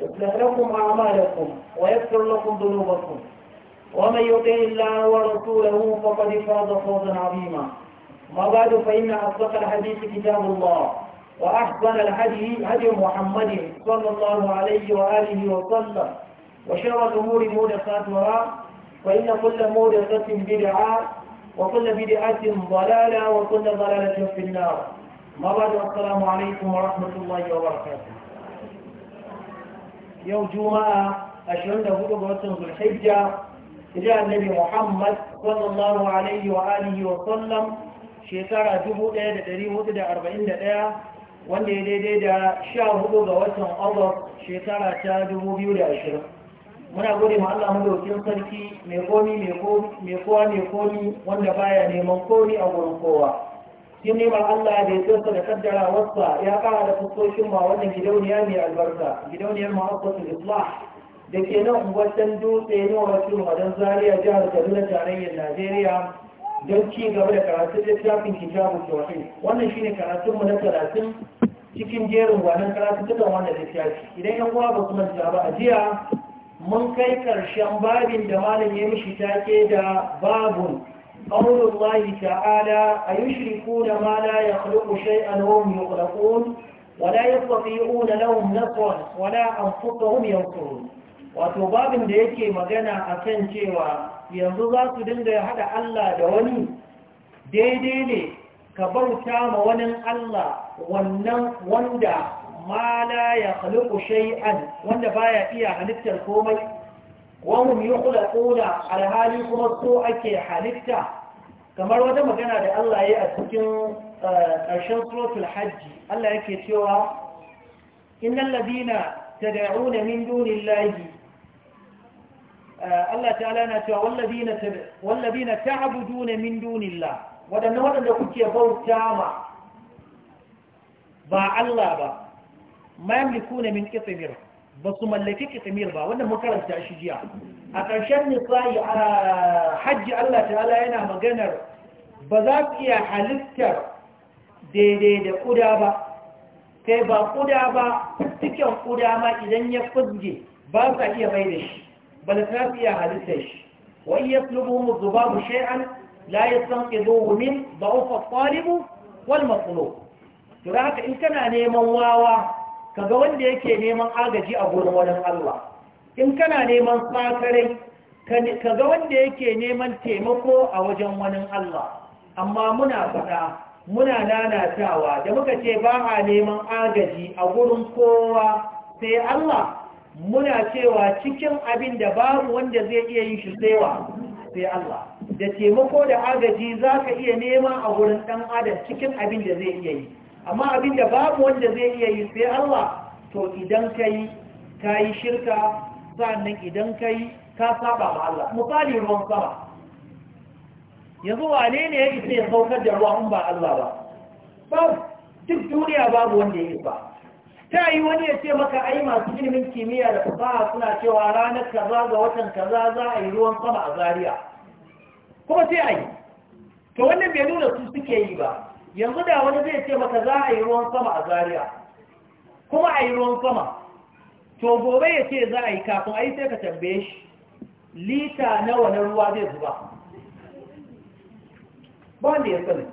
يصلح لكم أعمالكم ويغفر لكم ذنوبكم ومن يطع الله ورسوله فقد فاز فوزا عظيما ما بعد فإن أصدق الحديث كتاب الله وأحسن الهدي هدي محمد صلى الله عليه وآله وسلم وشر الأمور محدثاتها فإن كل محدثة بدعة وكل بدعة ضلالة وكل ضلالة في النار ما بعد السلام عليكم ورحمة الله وبركاته yau juma'a ashirin da hudu ga watan zulhijja hijira annabi muhammad sallallahu alaihi wa alihi wa sallam shekara dubu ɗaya da da da ɗari arba'in ɗaya wanda ya daidai da sha hudu ga watan august shekara ta dubu biyu da ashirin muna gode ma Allah madaukin sarki mai komi mai kowa mai komi wanda baya neman komi a gurin kowa cikin neman Allah da ya tsarsa da kaddara wasa ya kara da fuskoshin ma wannan gidauniya mai albarka gidauniyar ma'aikatar islah da ke nan unguwatan dutse ne wa wasu madan zaria jihar kaduna tarayyar najeriya don ci gaba da karatun shafin kitabu tawhid wannan shine karatun mu na talatin cikin jerin gwanon karatun dukkan wannan littafi idan yan kuma ba su manta ba a jiya mun kai karshen babin da malam ya mishi take da babun قول الله تعالى أيشركون ما لا يخلق شيئا وهم يخلقون ولا يستطيعون لهم نصرا ولا أنفسهم ينصرون wato babin da yake magana a kan cewa yanzu za su dinga haɗa Allah da wani daidai ne ka bauta ma wani Allah wannan wanda ma la ya khaliqu wanda baya iya halittar komai wahum yukhlaquna alhali kuma so ake halitta kamar wata magana da Allah ya a cikin ƙarshen suratul hajji Allah ya yake cewa innal ladina tad'una min dunillahi Allah ta ta'ala na cewa ta walladina ta'buduna min dunillah wadannan wadanda kuke bauta ma ba Allah ba ma yamlikuna min qitmir ba su mallaki kitimir ba wannan makaranta shi jiya a ƙarshen nisa'i a hajji Allah ta'ala yana maganar ba za su iya halittar daidai da ƙuda ba kai ba ƙuda ba cikin ƙuda ma idan ya fuzge ba sa iya mai da shi ba da su iya halittar shi wa iya tulubu mu zuba mu shay'an la ya san ƙizo min ba ufa ƙwaribu wal matsalo to haka in kana neman wawa kaga wanda yake neman agaji a gurin wani Allah in kana neman Ka kaga wanda yake neman taimako a wajen wani Allah amma muna faɗa muna nanatawa da muka ce ba a neman agaji a gurin kowa sai Allah muna cewa cikin abin da babu wanda zai iya yin shi tsewa, sai Allah da taimako da agaji za ka iya nema a gurin ɗan adam cikin abin da zai iya yi amma abin da babu wanda zai iya yi sai Allah to idan kai ka shirka sannan idan kai ka saba ma Allah misali ruwan sama yanzu wane ne ya isa ya saukar da ruwa in ba Allah ba ba duk duniya babu wanda ya ba ta yi wani ya ce maka ai masu ilimin kimiyya da fasaha suna cewa ranar kaza ga watan kaza za a yi ruwan sama a Zariya. kuma sai a yi to wannan bai nuna su suke yi ba yanzu da wani zai ce maka za a yi ruwan sama a Zariya, kuma a yi ruwan sama to gobe ya ce za a yi kafin a yi sai ka tambaye shi lita nawa na ruwa zai zuba ba wanda ya sani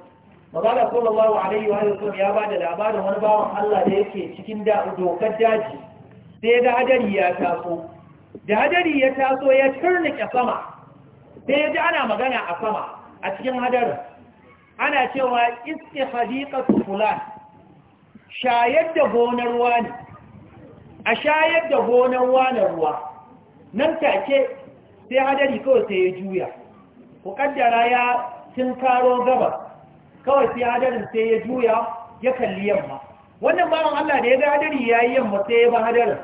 magana sallallahu alaihi wa sallam ya ba da labarin wani bawan Allah da yake cikin dokar daji sai ga hadari ya taso da hadari ya taso ya turnike sama sai ya ji ana magana a sama a cikin hadarin ana cewa iske hadiƙatu fulan shayar da gonar wani a shayar da gonar wani ruwa nan take sai hadari kawai sai ya juya ku kaddara ya karo gaba kawai sai hadarin sai ya juya ya kalli yamma wannan bawan Allah da ya ga hadari ya yi yamma sai ya ba hadarin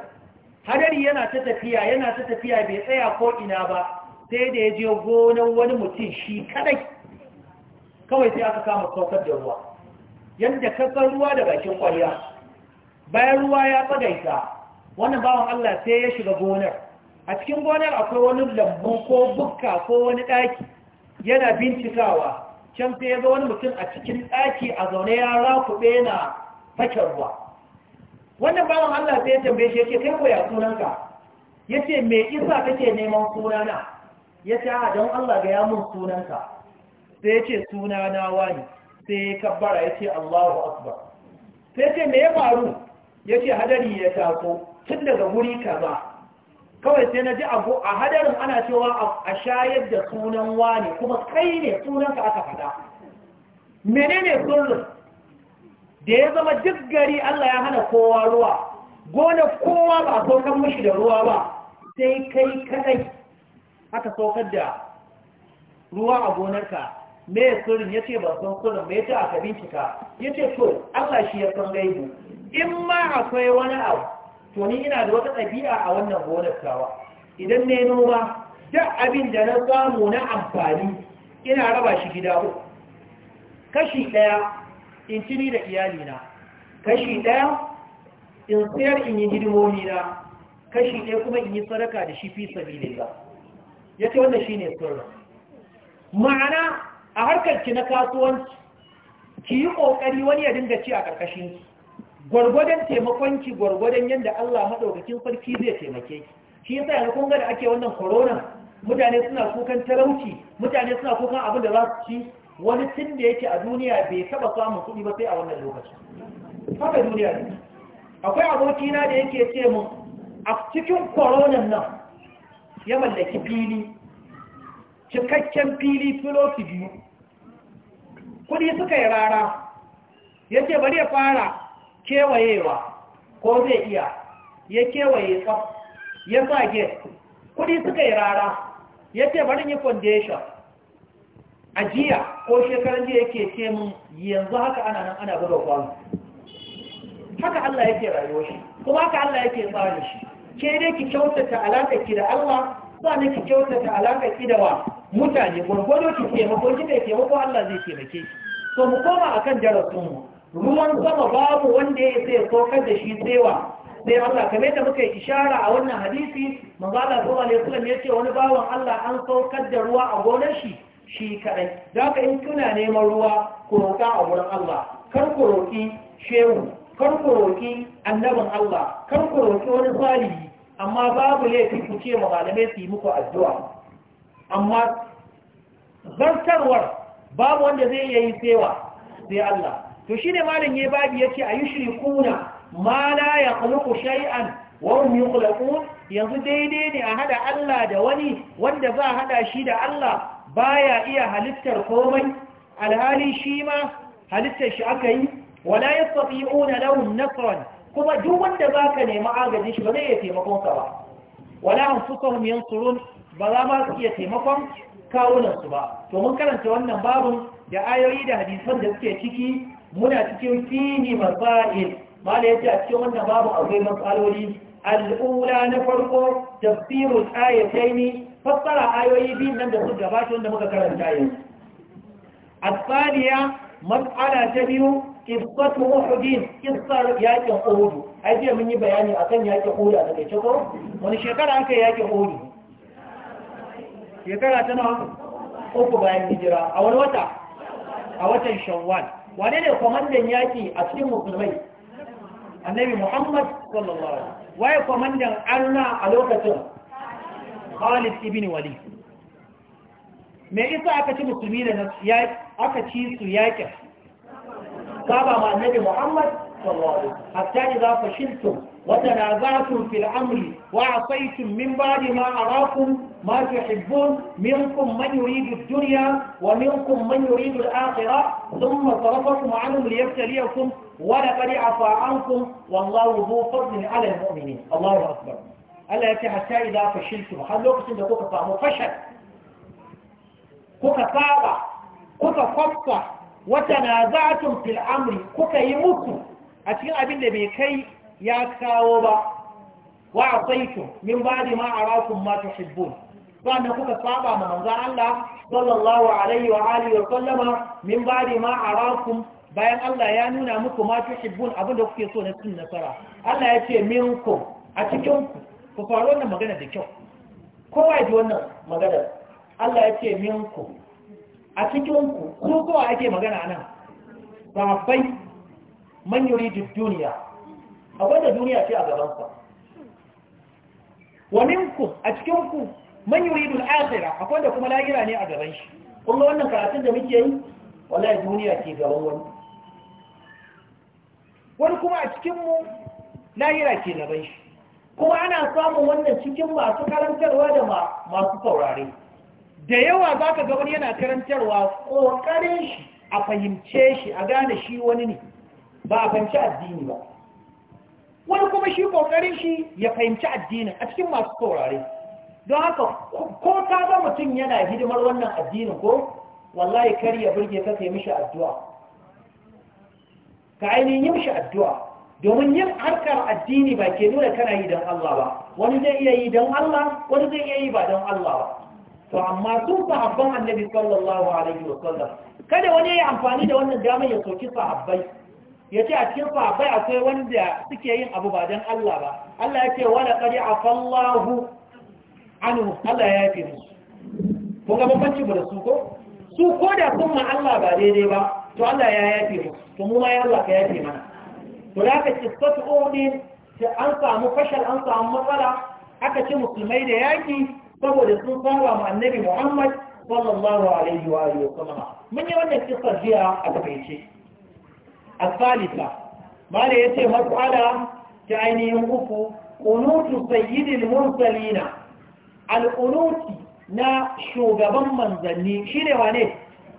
hadari yana ta tafiya yana ta tafiya bai tsaya ko'ina ba sai da ya je gonar wani mutum shi kadai kawai sai aka kama saukar da ruwa yadda kasar ruwa da bakin kwariya bayan ruwa ya tsagaita wannan bawan Allah sai ya shiga gonar a cikin gonar akwai wani lambu ko bukka ko wani ɗaki yana bincikawa can sai ya ga wani mutum a cikin ɗaki a zaune ya raku na fakin ruwa wannan bawan Allah sai ya tambaye shi yake kai ko ya sunanka yace me isa kake neman sunana yace a don Allah ga ya mun sunanka sai ya ce suna na wani sai ya kabbara ya ce Allahu Akbar sai ce me faru ya ce hadari ya taso tun daga wuri kaza kawai sai na ji abu a hadarin ana cewa a shayar da sunan wani kuma kai ne sunanka aka fada menene sunan da ya zama duk gari Allah ya hana kowa ruwa gona kowa ba a saukar mashi da ruwa ba sai kai kadai aka saukar da ruwa a gonarka me sirrin ya ce ban san sirrin me ta aka bincika ya ce to Allah shi ya san gaibu in ma akwai wani abu to ni ina da wata ɗabi'a a wannan gonar tawa idan ne noma duk abin da na samu na amfani ina raba shi gida ko kashi ɗaya in ci ni da iyalina kashi ɗaya in sayar in yi hidimomi na kashi ɗaya kuma in yi sadaka da shi fi sabilillah ya ce wannan shine sirrin ma'ana a harkar ki na kasuwanci ki yi kokari wani ya dinga ci a karkashin ki gwargwadon taimakon ki gwargwadon yadda Allah maɗaukakin sarki zai taimake ki shi yasa yanzu kun ga da ake wannan corona mutane suna kukan talauci mutane suna kukan abin da za su ci wani tun da yake a duniya bai taba samun kuɗi ba sai a wannan lokacin haka duniya ne akwai abokina da yake ce mu a cikin koronan nan ya mallaki fili cikakken fili filoti biyu kudi suka yi rara ya ce bari ya fara kewayewa ko zai iya ya kewaye tsaf ya sa kudi suka yi rara ya ce bari yi foundation a jiya ko shekaran jiya yake ce mun yanzu haka ana nan ana buga kwano haka Allah yake rayuwa shi kuma haka Allah yake tsari shi ke dai ki kyautata alaƙa ki da Allah ne ki kyautata alaƙa ki da wa mutane gwargwado ki taimako ki taimako Allah zai taimake shi so mu koma akan darasinmu ruwan sama babu wanda ya sai saukar da shi tsewa sai Allah kamar da muka yi ishara a wannan hadisi manzo Allah sallallahu alaihi wasallam ce wani bawan Allah an saukar da ruwa a gonar shi shi kadai daga in kuna neman ruwa ku roka a gurin Allah kar ku roki shehu kar ku roki annabin Allah kar ku roki wani salihi amma babu laifi ku ce malamai su yi muku addu'a amma zartarwar babu wanda zai iya yi tsewa sai Allah to shi ne malin ya babu yace ce a yi shirikuna ma la ya kuluku shay'an wa hum yukhlaqun yanzu daidai ne a hada Allah da wani wanda za a hada shi da Allah baya iya halittar komai alhali shi ma halittar shi aka yi wala yastati'una lahum nasran kuma duk wanda baka nemi agajin shi ba zai iya taimakon ka ba wala anfusuhum yansurun ba za ma su iya taimakon kawunansu ba to mun karanta wannan babun da ayoyi da hadisan da suke ciki muna cikin fihi masail mala yace a cikin wannan babu akwai matsaloli al'ula na farko tafsirul ayataini fassara ayoyi biyu nan da suka gabata wanda muka karanta yau الثانية مسألة تبيو aiki أحدين قصة mun yi bayani akan يبياني أكن a أحد أنا wani shekara عنك yakin أحد shekara ta nawa uku bayan hijira a wani wata a watan shawwal wane ne kwamandan yaki a cikin musulmai annabi muhammad sallallahu alaihi waye kwamandan arna a lokacin khalid ibn wali? me isa aka ci musulmi da aka ci su yakin saba ma annabi muhammad sallallahu alaihi hatta idza fashiltum وتنازعتم في الأمر وعصيتم من بعد ما أراكم ما تحبون منكم من يريد الدنيا ومنكم من يريد الآخرة ثم صرفكم عنهم ليبتليكم ولقد عفا عنكم والله ذو فضل على المؤمنين الله أكبر ألا يأتي حتى إذا فشلتم هل لوقت إذا كنت فهم فشل كنت صعبة كنت فصة وتنازعتم في الأمر كنت يمكم أتين أبين بكي ya kawo ba wa asaitu min ba'di ma a arakum ma ba na kuka saba ma manza Allah sallallahu alaihi wa alihi wa sallama min ba'di ma a arakum bayan Allah ya nuna muku ma tuhibbun abinda kuke so na cin nasara Allah ya ce min ku a cikin ku ku faru wannan magana da kyau kowa ji wannan magana Allah ya ce min ku a cikin ku ko kowa ake magana anan bai man yuridu duniya. akwai da duniya ce a gabansa wa minku a cikin ku man yuridu al-akhirah akwai da kuma lahira ne a gaban shi kun ga wannan karatun da muke yi wallahi duniya ce gaban wani wani kuma a cikin mu lahira ke gaban shi kuma ana samun wannan cikin masu karantarwa da masu saurare da yawa za ka wani yana karantarwa ƙoƙarin shi a fahimce shi a gane shi wani ne ba a fahimci addini ba wani kuma shi kokarin shi ya fahimci addinin a cikin masu saurare don haka ko ka ga mutum yana hidimar wannan addinin ko wallahi kar ya burge ka kai mishi addu'a ka ainihin yi mishi addu'a domin yin harkar addini ba ke nuna kana yi don Allah ba wani zai iya yi don Allah wani zai iya yi ba don Allah ba to amma sun sahabban annabi sallallahu alaihi sallam. kada wani ya yi amfani da wannan damar ya soki sahabbai ya ce a cikin sahabbai akwai wanda suke yin abu ba don Allah ba Allah ya ce wala qad afallahu anhu Allah ya yafe musu kun ga bambanci ba da su ko su ko da kun ma Allah ba daidai ba to Allah ya yafe musu to mu ma ya Allah ka yafe mana to da aka ci sat umin ta an samu fashal an samu matsala aka ci musulmai da yaki saboda sun saba mu annabi Muhammad sallallahu alaihi wa alihi wa sallam mun yi wannan kissa jiya a takaice الثالثة ما يتي مسألة تعيني أكو قنوت سيد المرسلين القنوت نا شوغبا ذني شيني وانيه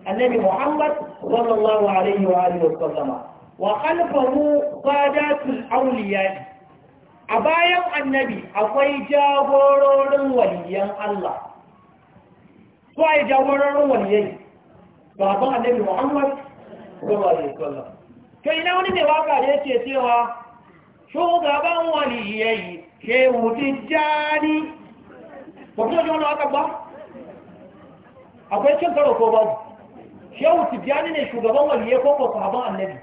النبي محمد صلى الله عليه وآله وسلم وخلفه قادات الأولياء أبايا النبي أقوي جابرون وليا الله وأي جابرون وليا فأبا النبي محمد صلى الله عليه وسلم kai na wani mai waka da yake cewa shugaban ke shehu jani ba kuma ji wani wakan ba akwai cin karo ko babu shehu jani ne shugaban wani ko ko sahaban annabi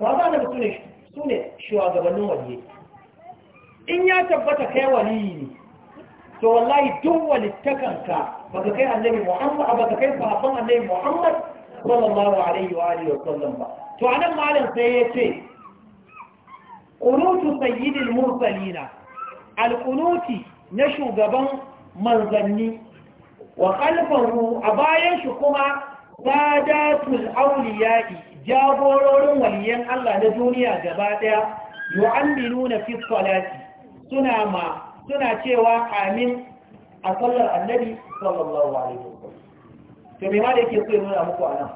ba za na su su ne shugabannin waliyai in ya tabbata kai wani ne to wallahi duk walittakanka ba ka kai annabi muhammad ba ka kai sahaban annabi muhammad sallallahu alaihi wa alihi wa sallam ba to anan malam sai ya ce qunutu sayyidil mursalina alqunuti na shugaban manzanni wa khalfahu a bayan shi kuma sadatul awliya'i jagororin waliyan Allah na duniya gaba daya yu'minuna fi salati suna ma suna cewa amin a sallar annabi sallallahu alaihi to me ma da yake so ya nuna muku anan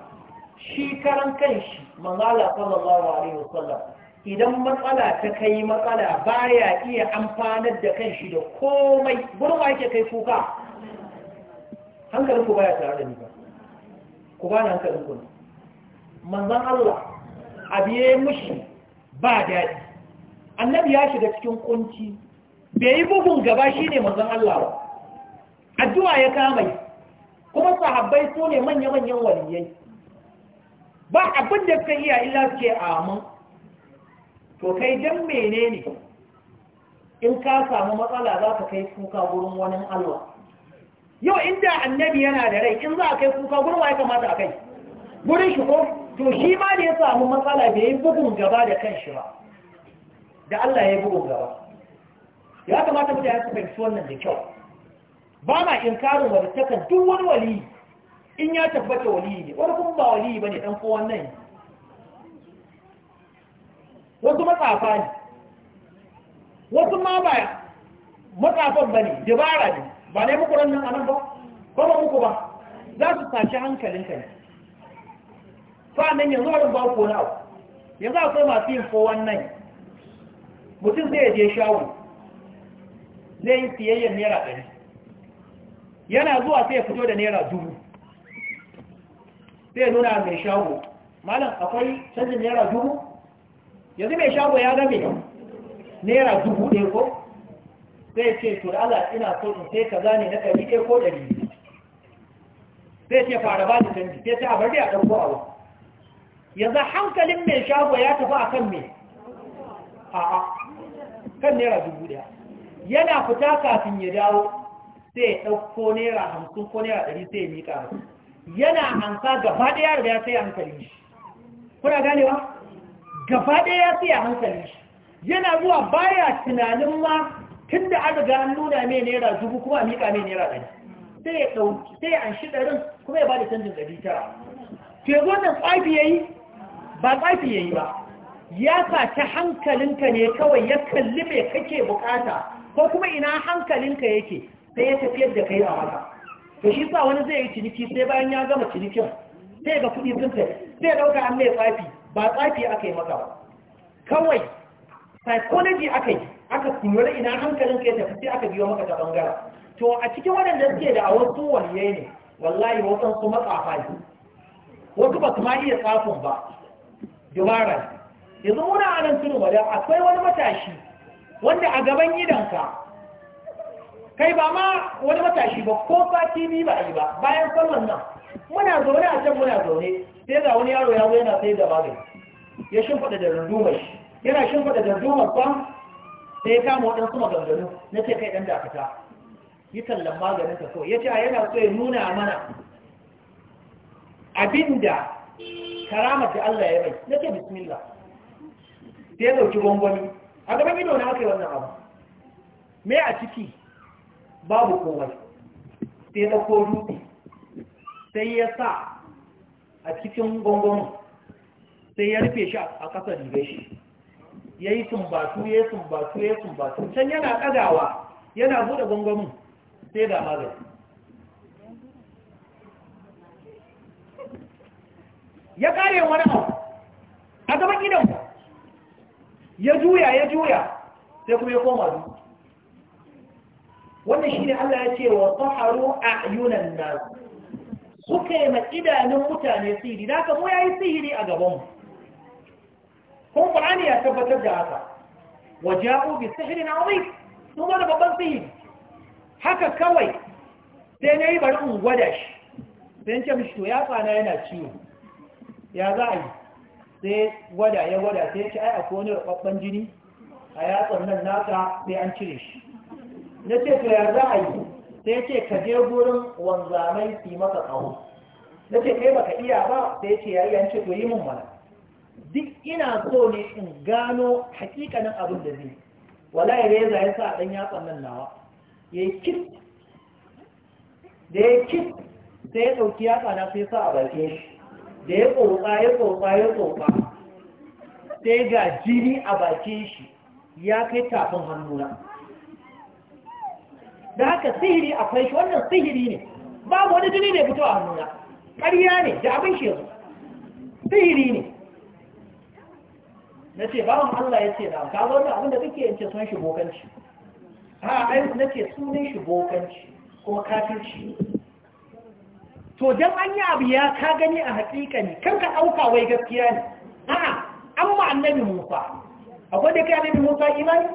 shi karan kanshi manzala sallallahu alaihi wasallam idan matsala ta kai matsala baya iya amfanar da kanshi da komai gurin wa yake kai kuka hankalin ku baya tare da ni ba ku ba na hankalin ku manzan Allah abiye mushi ba daɗi annabi ya shiga cikin kunci bai yi bugun gaba shi ne manzan Allah ba addu'a ya kama yi kuma sahabbai su ne manya-manyan waliyai ba abin da suka iya illa suke amin to kai dan menene in ka samu matsala za ka kai kuka wurin wani Allah yau inda annabi yana da rai in za a kai kuka gurin ya kamata a kai gurin shi ko to shi ma da ya samu matsala bai yi bugun gaba da kan shi ba da Allah ya yi bugun gaba ya kamata mutane su fahimci wannan da kyau ba na inkarin walittaka duk wani wali in ya tabbata wali ne wani kuma ba wali ba ne ɗan kowan nan wasu matsafa ne wasu ma ba matsafan ba ne dabara ne ba ne muku nan anan ba ba ba muku ba za su tashi hankalin ka ne sa'annan yanzu wani ba ku na'u yanzu akwai masu yin kowan nan mutum zai je shawo, zai yi siyayyar naira ɗari yana zuwa sai ya fito da naira dubu sai ya nuna mai shago malam akwai canjin naira dubu yanzu mai shago ya game naira dubu ɗaya ko ya ce to da Allah ina so in sai ka gane na ɗari ɗaya ko ɗari biyu Sai ce fara ba da canji sai ta abar da ya ɗauko abu yanzu hankalin mai shago ya tafi a kan mai a'a kan naira dubu ɗaya yana fita kafin ya dawo sai ya ɗauko naira hamsin ko naira ɗari sai ya miƙa masu yana hansa gaba ɗaya da ya sai a hankali shi kuna ganewa gaba ɗaya ya sai a hankali shi yana zuwa baya tunanin ma tun da an ga an nuna mai naira dubu kuma a miƙa mai naira ɗari sai ya ɗauki sai an shi ɗarin kuma ya ba da canjin ɗari tara to yanzu wannan tsafi ya yi ba tsafi ya yi ba ya sa ta hankalinka ne kawai ya kalli mai kake bukata ko kuma ina hankalinka yake sai ya tafiyar da kai a wata to shi sa wani zai yi ciniki sai bayan ya gama cinikin sai ga kuɗi sun fai, sai ɗauka an mai tsafi ba tsafi aka yi maka kawai psychology aka yi aka kumura ina hankalin ka ya tafi sai aka biyo maka ta bangara to a cikin waɗanda suke da a wasu waliyai ne wallahi wasan su matsafa wasu ba su ma iya tsafin ba dubara yanzu muna anan akwai wani matashi wanda a gaban gidanka kai ba ma wani matashi ba ko fati bi ba a yi ba bayan sallan nan muna zaune a can muna zaune sai ga wani yaro ya zo yana sai da magani ya shimfada da rundumar yana shimfada da rundumar ba sai ya kama waɗansu maganganu na ce kai ɗan dakata yi tallan maganin ka so ya ce a yana so ya nuna mana abinda karamar da Allah ya bai na ce bismillah sai ya ɗauki gwangwani a gaban ido na aka yi wannan abu me a ciki babu komai sai da ko dutse sai ya sa a cikin gongon sai ya rufe shi a kasar rigar shi ya yi sumbatu ya yi sumbatu ya yi sumbatu can yana ɗagawa yana buɗe gongomin sai da magani ya ƙare wani abu a gaba gidan ya juya ya juya sai kuma ya koma duk. wannan shi ne Allah ya ce wa saharu ayunan nas suka yi idanun mutane sihiri da haka mu yi sihiri a gaban mu ko ya tabbatar da haka wa ja'u bi sihrin azim su ma da babban sihiri haka kawai sai nayi bari in gwada shi sai in ce mishi to ya tsana yana ciwo ya za a yi sai gwada ya gwada sai ya ce ai akwai wani rababban jini a yatsan nan naka sai an cire shi na ce to ya za a yi sai ce ka je gurin wanzamai su maka tsawo na ce kai baka iya ba sai ce ya yi yance to yi mun mana duk ina so ne in gano hakikanin abin da zai wala ya reza ya sa ɗan ya nan nawa ya yi kit da ya kit sai ya ɗauki ya na sai sa a bakin shi da ya tsotsa ya tsotsa ya tsotsa sai ga jini a bakin shi ya kai tafin hannuna da haka sihiri akwai shi wannan sihiri ne babu wani jini ne fito a hannuna ƙarya ne da abin shi yanzu sihiri ne na ce bawan Allah ya ce na ka wannan abin da kake yance sun shi bokanci a ai na ce sunan shi bokanci kuma kafirci to dan an yi abu ya ka gani a hakika ne kan ka ɗauka wai gaskiya ne a'a an ma annabi Musa akwai da kai annabi Musa imani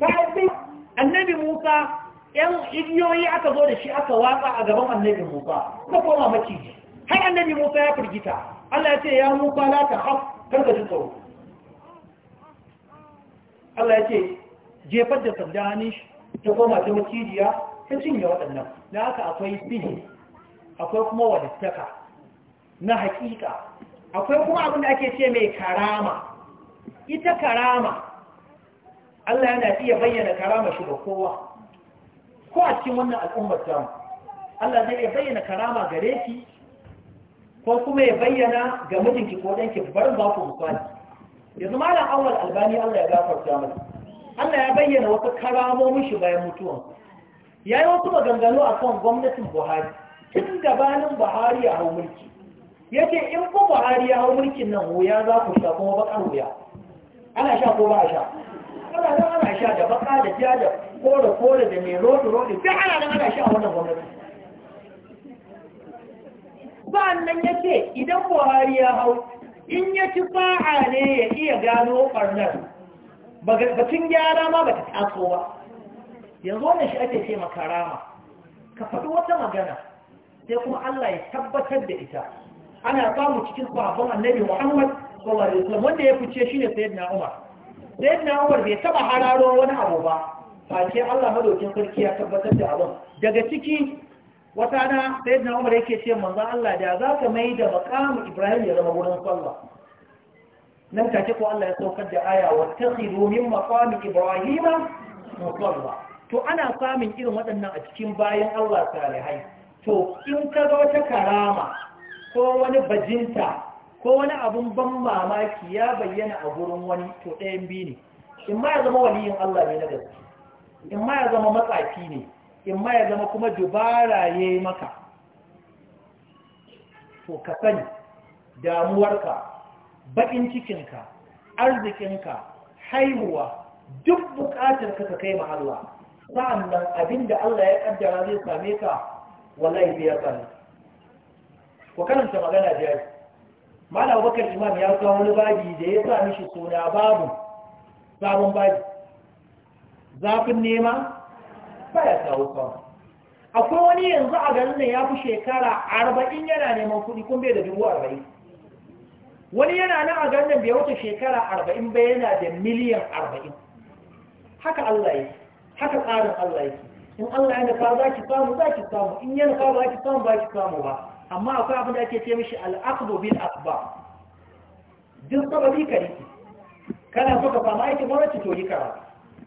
sai annabi Musa yan igiyoyi aka zo da shi aka watsa a gaban annabi musa ka koma maciji har annabi musa ya firgita allah ya ce ya musa la ta haf karka ji tsoro allah ya ce jefar da sanda hannun shi ta koma ta macijiya ta cinye waɗannan da haka akwai sihi akwai kuma wadataka. na hakika akwai kuma abin da ake ce mai karama ita karama Allah yana iya bayyana karama shi ga kowa ko a cikin wannan al'ummar tamu Allah zai iya bayyana karama gare ki ko kuma ya bayyana ga mijinki ko danki barin ba ku misali yanzu malam awwal albani Allah ya gafarta masa Allah ya bayyana wasu karamomin shi bayan mutuwan ya yi wasu maganganu a kan gwamnatin Buhari tun gabanin Buhari ya hau mulki ya ce in ku Buhari ya hau mulkin nan wuya za ku sha kuma bakar wuya ana sha ko ba a sha ana sha da baka da jaja. kore kore da mai rodi rodi sai ana nan ana shi a wannan gwamnati Ba sannan ya ce idan buhari ya hau in ya ci ba'a ne ya iya gano ɓarnar batun gyara ma ba ta taso ba yanzu wannan shi ake ce makarama ka faɗi wata magana sai kuma Allah ya tabbatar da ita ana samu cikin sahabban annabi Muhammad sallallahu alaihi wasallam wanda ya fice shi ne sayyidina Umar sayyidina Umar bai taba hararo wani abu ba face Allah madaukin sarki ya tabbatar da abin daga ciki wata na sai na umar yake ce manzo Allah da za ka mai da makamu Ibrahim ya zama wurin sallah nan take ko Allah ya saukar da aya wa takhidu min maqami Ibrahim musalla to ana samun irin waɗannan a cikin bayan Allah salihai to in ka ga wata karama ko wani bajinta ko wani abun ban mamaki ya bayyana a gurin wani to ɗayan biyu ne in ma ya zama waliyin Allah ne na gaske in ma ya zama matsafi ne in ma ya zama kuma dubara ya yi maka to ka sani damuwarka baƙin cikinka arzikinka haihuwa duk buƙatar ka kai ma Allah sa'an nan abinda Allah ya kaddara zai same ka wallahi biya kan ku karanta magana jari malam bakar imam ya kawo wani babi da ya sa mishi suna babu sabon babi zafin nema ba ya kawo kawai akwai wani yanzu a garin nan ya fi shekara arba'in yana neman kuɗi kun bai da dubu arba'in wani yana nan a garin nan bai wuce shekara arba'in bai yana da miliyan arba'in haka Allah yi, haka tsarin Allah yi, in Allah ya ka za ki samu za ki samu in yana ka za ki samu ba ki samu ba amma akwai abin da ake ce mishi al'aqdu bil asuba. duk sababi ka riki kana so ka fama aikin gwamnati to yi karatu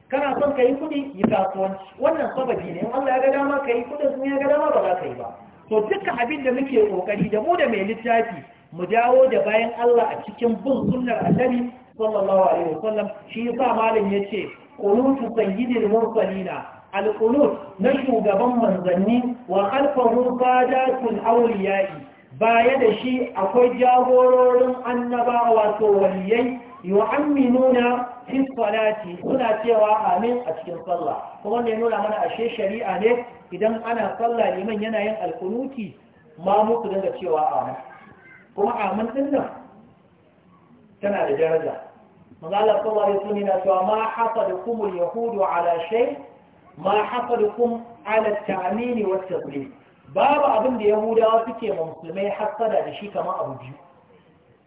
kana son ka yi kuɗi yi kasuwanci wannan sababi ne in Allah ya ga dama ka yi kuɗin sun ya ga dama ba za ka yi ba to dukkan abin da muke kokari da mu da mai littafi mu dawo da bayan Allah a cikin bin sunnar annabi sallallahu alaihi wasallam shi yasa malam yace qunutu sayyidil mursalina al qunut na shugaban manzanni wa khalfahu qadatul awliya'i baya da shi akwai jagororin annabawa to waliyai yu'minuna fi salati suna cewa amin a cikin sallah kuma wanda ya nuna mana ashe shari'a ne idan ana sallah liman yana yin alkunuti ma muku dinga cewa amin kuma amin din nan tana da daraja magana sallah ya suni na cewa ma hafadukum al-yahudu ala shay ma hafadukum ala ta'mini wa taslim babu abin da yahudawa suke musulmai hasada da shi kamar abu biyu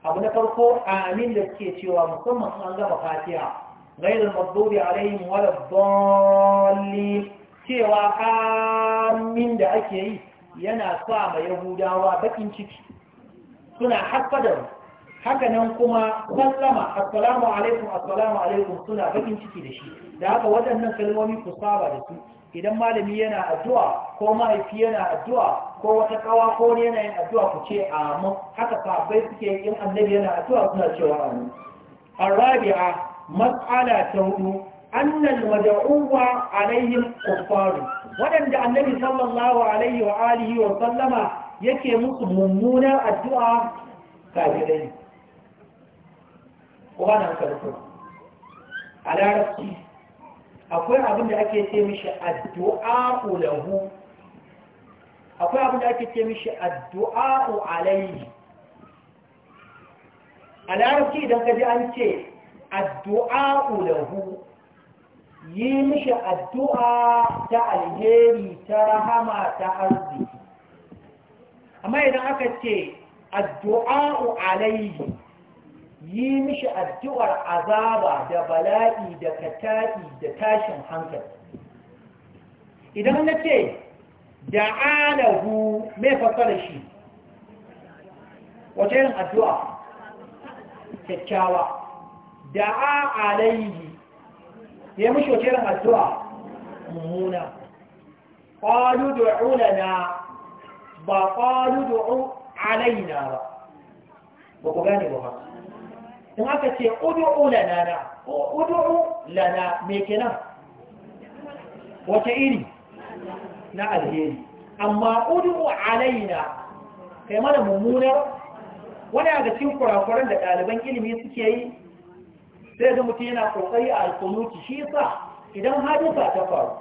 abu na farko amin da suke cewa musamman an gaba fatiha gairar a alaihim wala dalli cewa amin da ake yi yana sa ma yahudawa bakin ciki suna haskadar haka nan kuma sallama assalamu alaikum assalamu alaikum suna bakin ciki da shi da haka waɗannan kalmomi ku saba da su idan malami yana addu'a ko mahaifi yana addu'a ko wata kawa ko wani yana yin addu'a ku ce amin haka sahabbai suke yin annabi yana addu'a suna cewa A arabi'a mas'ala ta hudu annal mad'uwa alaihim kuffaru wadanda annabi sallallahu alaihi wa alihi wa sallama yake musu mummunar addu'a kafirai ko ba na karatu a larabci akwai abin da ake ce mishi addu'a lahu akwai abin da ake ce mishi addu'a alayhi a larabci idan ka ji an ce addu'a lahu yi mishi addu'a ta alheri ta rahama ta arziki amma idan aka ce addu'a alayhi yi mishi addu'ar azaba da bala'i da kataki, da tashin hankali idan na ce da da'alahu mai fasara shi wace yin addu'a kyakkyawa Da a alayi ya mishi wace yin addu'a mummuna ƙwalu na ba ƙwalu da'u na ba ba ku gane ba ba in aka ce udu'u lana na udu'u lana me kenan wata iri na alheri amma udu'u alaina kai mana mummunar wani a cikin kurakuran da ɗaliban ilimi suke yi sai da mutum yana kokari a alkunuti shi sa idan hadisa ta faru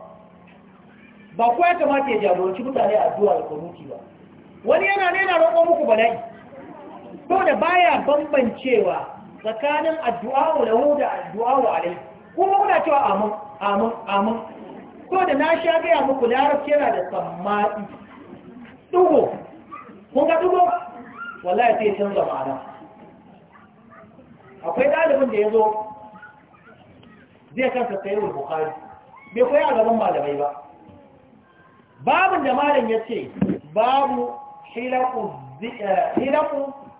ba ko ya kamata ya jagoranci mutane a zuwa alkunuti ba wani yana ne na roƙon muku bala'i da baya bambancewa tsakanin addu'a lahu da addu'a alai kuma kuna cewa amin amin amin ko da na sha gaya muku larabci yana da samadi dugo kun ga dugo wallahi sai canza ma'ana akwai ɗalibin da ya zo zai kansa sayarwar bukari bai koya a gaban malamai ba babin da malam ya ce babu hilaku eh,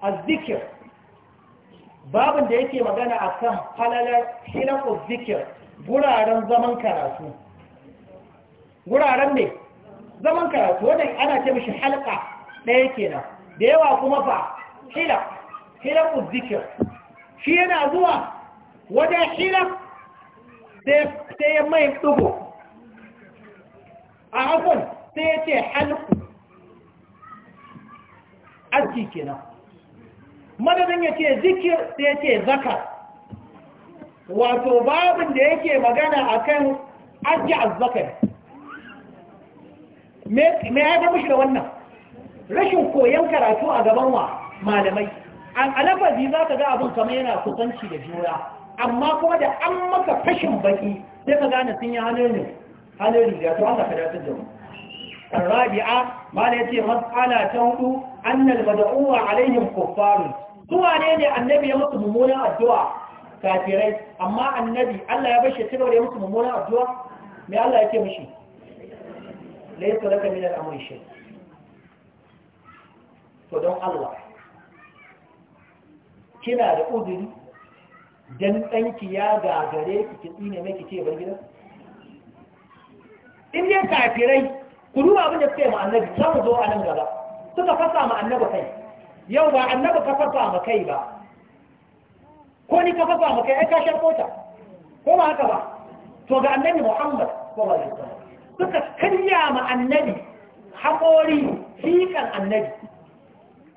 azzikir babin da yake magana a kan falalar hilakun zikir guraren zaman karatu guraren ne zaman karatu wadda ana ce mishi halka ɗaya kenan da yawa kuma fa hilak hilakun zikir shi yana zuwa wajen hilak sai ya mai ɗugu a hakon sai ya ce halku aski kenan madadin ya ce zikir sai ya ce zaka wato babin da yake magana akan ajiye azzakar me ya gaba shi da wannan rashin koyon karatu a gaban wa malamai alafazi za ka ga abin kama yana kusanci da jura amma kuma da an maka fashin baki sai ka gane sun yi hannun ne hannun riga to an ka kadatar da mu الرابعة ما التي مسألة تهدو أن المدعوة عليهم كفار zuwa ne ne annabi ya musu mummunan addu'a kafirai amma annabi Allah ya bashi tibar ya musu mummunan addu'a me Allah ya ce mishi laysa laka min al-amri shay to don Allah kina da uzuri dan danki ya gagare ki ki tsine mai ki ce bar gida? in dai kafirai ku duba abin da suka yi ma annabi za mu zo a nan gaba suka fasa ma annabi kai yau ba annabi ka fafa ma kai ba ko ni ka fafa ma kai ai ka shan ko ba haka ba to ga annabi Muhammad sallallahu alaihi wasallam duka karya ma annabi haƙori fikan annabi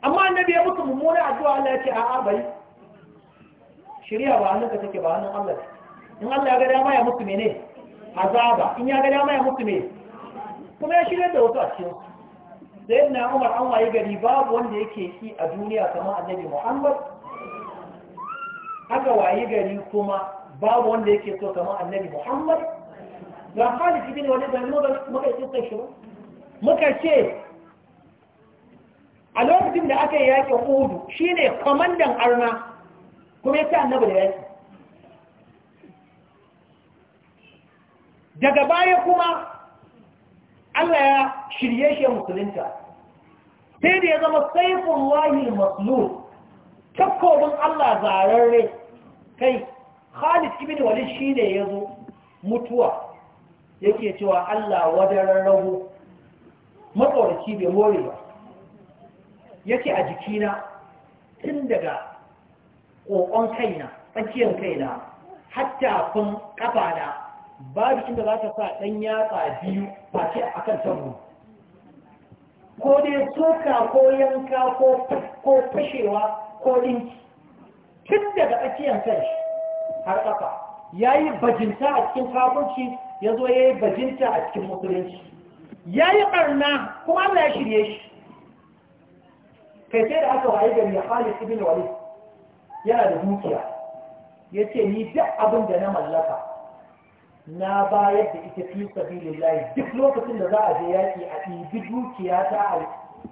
amma annabi ya mutu mummuna addu'a Allah ya ce a'a bai shirya ba annaka take ba annan Allah in Allah ya ga dama ya mutu mene azaba in ya ga dama ya mutu ne kuma ya shirya da wasu a cikin da na umar an waye gari babu wanda yake shi a duniya kamar annabi muhammad Haka waye gari kuma babu wanda yake so kamar annabi muhammad ga hali shi ne wani zai muka yi tsar shi ba muka ce a lokacin da aka yi yakin Hudu shi ne kwamandan arna kuma ya ce annabi da yaki daga baya kuma Allah ya shirye shi musulunta sai da ya zama saifin wahil maslu takkobin Allah zararre kai Khalid ibn Walid shi ne ya zo mutuwa yake cewa Allah wajen rahu matsoraci bai more ba yake a jikina tun daga ƙoƙon kaina tsakiyar kaina hatta kun na. babu inda za ka sa ɗan yatsa biyu face a kan tabo ko dai soka ko yanka ko fashewa ko ɗinki tun daga tsakiyar kai har ƙafa ya yi bajinta a cikin kafurci ya zo ya yi bajinta a cikin musulunci ya yi ɓarna kuma Allah ya shirye shi kai sai da aka waye gari ya Khalid ibn Walid yana da dukiya ya ce ni duk abin da na mallaka na bayar da ita fi sabilillahi duk lokacin da za a je yaki a ɗibi dukiya ta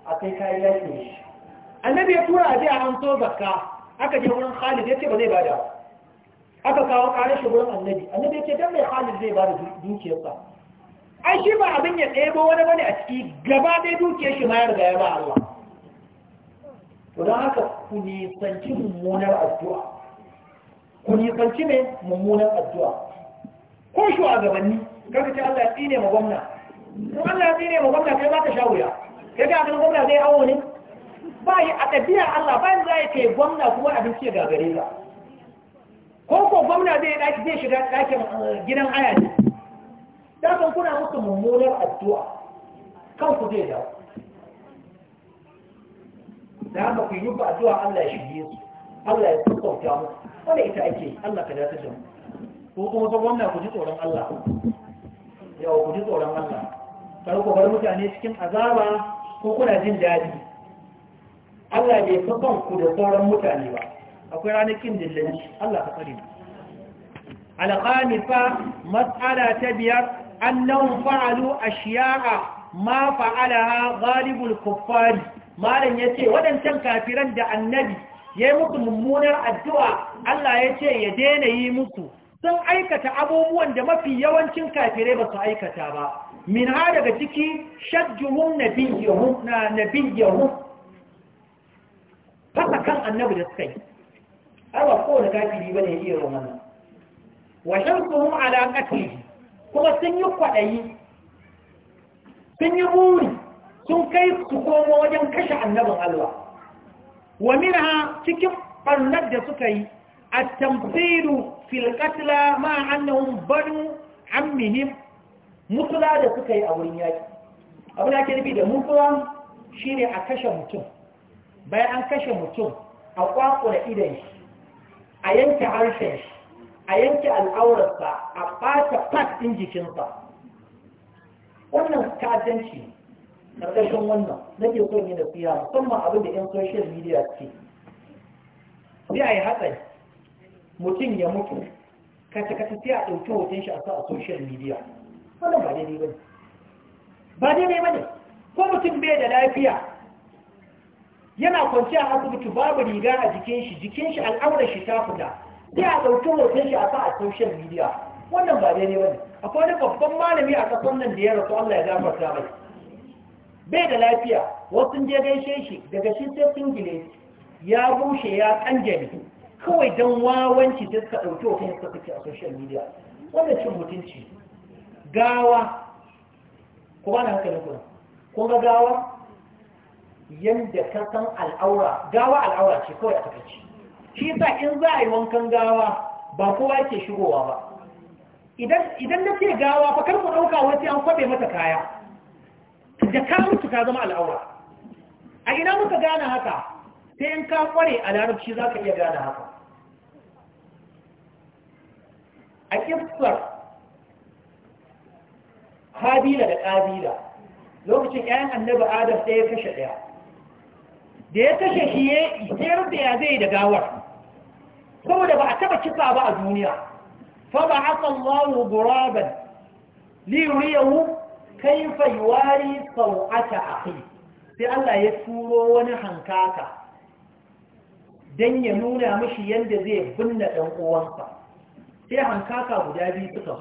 a kai kayan yaki shi annabi ya tura a je a hanto zakka aka je wurin Khalid ya ce ba zai ba da aka kawo kare shi wurin annabi annabi ya ce dan mai Khalid zai ba bada dukiyarsa ai shi ba abin ya ɗebo wani bane a ciki gaba ɗaya dukiyar shi ma ya riga ya ba Allah to don haka ku nisanci mummunar addu'a ku nisanci ne mummunar addu'a ko shugabanni kaga ce Allah ya tsine ma gwamna ko Allah ya tsine ma gwamna kai ba ka sha wuya kai ga kan gwamna zai awo ne ba yi a tabiya Allah ba za ya kai gwamna kuma abinci ga gare ka ko ko gwamna zai daki zai shiga dakin eh, gidan haya ne da kan kuna musu mummunar addu'a kan ku zai dawo da haka ku yi ba addu'a Allah ya shige su Allah ya tsokauta mu wanda ita ake Allah ka dace da mu ko kuma ko wannan ku ji tsoron Allah yau ku ji tsoron Allah kar ku bar mutane cikin azaba ko kuna jin daɗi Allah bai fi son ku da sauran mutane ba akwai ranakin dillanci Allah ka tsare mu fa mas'ala ta biyar annahum fa'alu ashiya'a ma fa'alaha ghalibul kuffari malam yace wadancan kafiran da annabi yayi muku mummunar addu'a Allah yace ya daina yi muku sun aikata abubuwan da mafi yawancin kafirai ba su aikata ba min ha daga ciki shajjuhun nabiyyahun fasa kan annabi da suka yi arwa kowane kafiri ba ne iya romana washen suhun alaƙatli kuma sun yi kwaɗayi sun yi buri sun kai su komo wajen kashe annabin Allah wa min ha cikin ɓarnar da suka yi التمثيل في القتلى مع أنهم بنو عمهم da suka yi a wurin yaki abu da ake nufi da mutuwan shine a kashe mutum bayan an kashe mutum a kwakura idan shi a yanke harshen shi a yanke al'aurarsa a ɓata fat ɗin jikinsa wannan ta'addanci ƙarƙashin wannan nake so yi da fiya musamman abin da 'yan social media ce sai a yi hatsari mutum ya mutu kata kata sai a ɗauki hoton shi a sa a social media wannan ba daidai ba ne ba daidai ba ne ko mutum bai da lafiya yana kwanci a asibiti babu riga a jikin shi jikin shi al'aurar shi ta fita sai a ɗauki hoton shi a sa a social media wannan ba daidai ba ne akwai wani babban malami a ƙasar nan da ya rasu Allah ya gafarta mai bai da lafiya wasu je gaishe shi daga shi sai sun gile ya bushe ya kanjame kawai don wawanci da suka ɗauki wa kuma suka a social media wanda cin mutunci gawa ko ba na haka ne kuma kun ga gawa yadda ka san al'aura gawa al'aura ce kawai a takaici shi yasa in za a yi wankan gawa ba kowa yake shigowa ba idan na ce gawa fa kar ku ɗauka wasu an kwaɓe mata kaya da ka mutu ka zama al'aura a ina muka gane haka sai in ka kware a larabci za ka iya gane haka a kissar kabila da kabila lokacin ƴaƴan annabi adam sai ya kashe ɗaya da ya kashe shi ya sayar da ya zai da gawar saboda ba a taɓa kisa ba a duniya fa ba haka Allahu guraban li yuriyahu kaifa yuwari sau'ata akhi sai Allah ya turo wani hankaka dan ya nuna mishi yadda zai binne ɗan uwansa sai hankaka guda biyu suka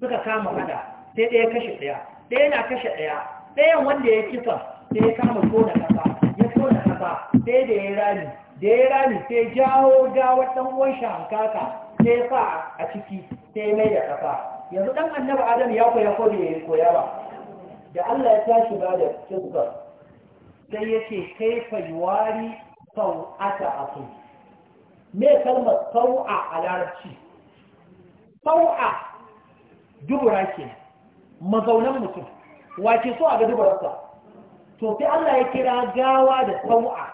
suka kama hada sai ɗaya kashe ɗaya ɗaya na kashe ɗaya ɗayan wanda ya kisa sai ya kama tona kasa ya tona kasa sai da ya rami da ya rami sai jawo gawar ɗan uwan shi hankaka sai fa a ciki sai mai da kasa yanzu ɗan annabi adam ya koya ko da yi koya ba da Allah ya tashi ba da kisa sai ya ce kaifa yuwari sau'ata aku me kalmar sau'a a larabci sau'a dubura ke mazaunan mutum wace so a ga duburarsa to fi Allah ya kira gawa da sau'a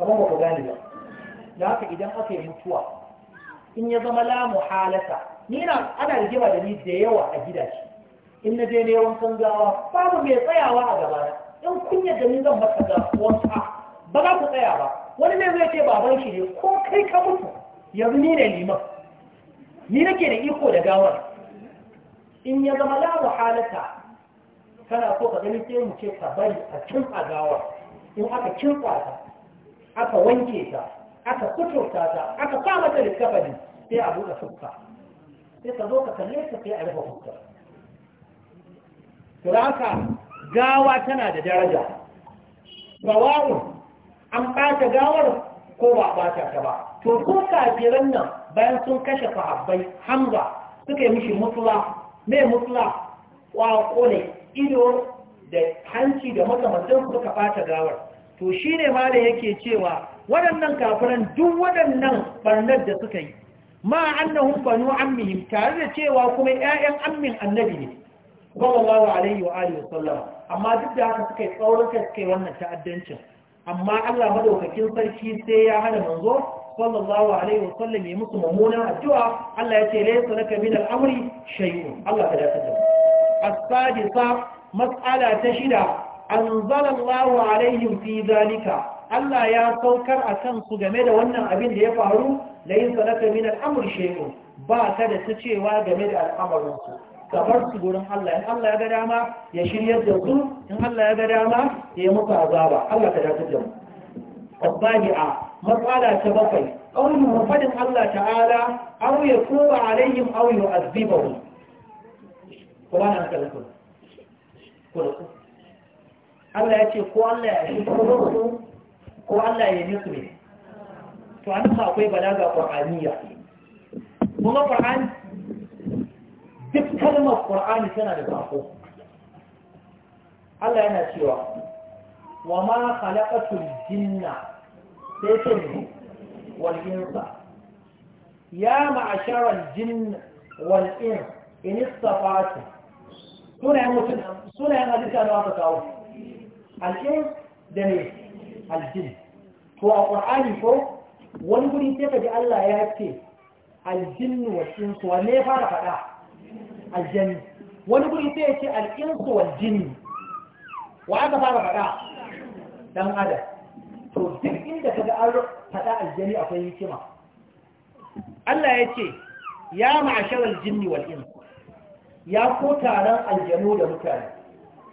kamar ba ku gane ba da haka idan aka yi mutuwa in ya zama lamu halata. ni na ana rigima da ni da yawa a gidaje in na je ne wankan gawa babu mai tsayawa a gaba in kunya da ni zan masa ga wanka ba za ku tsaya ba wani ne zai ce baban shi ne ko kai ka mutu yanzu ni ne liman ni nake da iko da gawar in ya zama la halata kana ko ka gani sai mu ce ka bari a cin a gawar in aka cin ta aka wanke ta aka kuturta ta aka sa mata littafani sai a buɗe fuska sai ka zo ka kalle ta sai a rufe fuska to haka gawa tana da daraja bawa'un an ɓata gawar ko ba a ɓata ta ba to ko kafiran nan bayan sun kashe sahabbai hamza suka yi mishi mutula mai mutula kwako ido da hanci da makamantan suka fata gawar to shi ne ma da yake cewa waɗannan kafiran duk waɗannan ɓarnar da suka yi ma annahum banu ammihim tare da cewa kuma ƴaƴan ammin annabi ne sallallahu alaihi wa alihi wasallam amma duk da haka suka yi tsaurin kai suka wannan ta'addancin amma Allah madaukakin sarki sai ya hana manzo sallallahu alaihi wasallam ya musu mummuna addu'a Allah ya ce laysa laka min al-amri shay'un Allah ta dace da as-sadisa mas'ala ta shida anzalallahu alaihim fi zalika Allah ya saukar a kansu game da wannan abin da ya faru laysa laka min al-amri shay'un ba ka da ta cewa game da al'amarin su kamar su gurin Allah in Allah ya ga dama ya shiryar da su in Allah ya ga dama ya yi muku azaba Allah ta dace da mu matsala ta bakwai ƙaunin faɗin Allah ta'ala aw ya tuba alaihim aw yu'azzibahu kuma na kalku kulku Allah ya ce ko Allah ya shi kulku ko Allah ya yi su to an sa akwai balaga qur'aniya kuma qur'an duk kalmar qur'ani tana da sako Allah yana cewa wa ma khalaqatul jinna sai ce wal'insa ya ma'asharar jin wal'in inista istafatu Suna yin sunayen halitta da aka kawo al'in da ne aljin to a ƙwar'ani ko wani guri sai ka ji Allah ya ce aljin wal'insu wanne ya fara faɗa aljin wani guri sai ya ce al'insu waljin wa aka fara faɗa dan adam to duk inda ka ga an faɗa aljani akwai hikima Allah ya ce ya ma'asharar jinni wal insu ya ko taron aljanu da mutane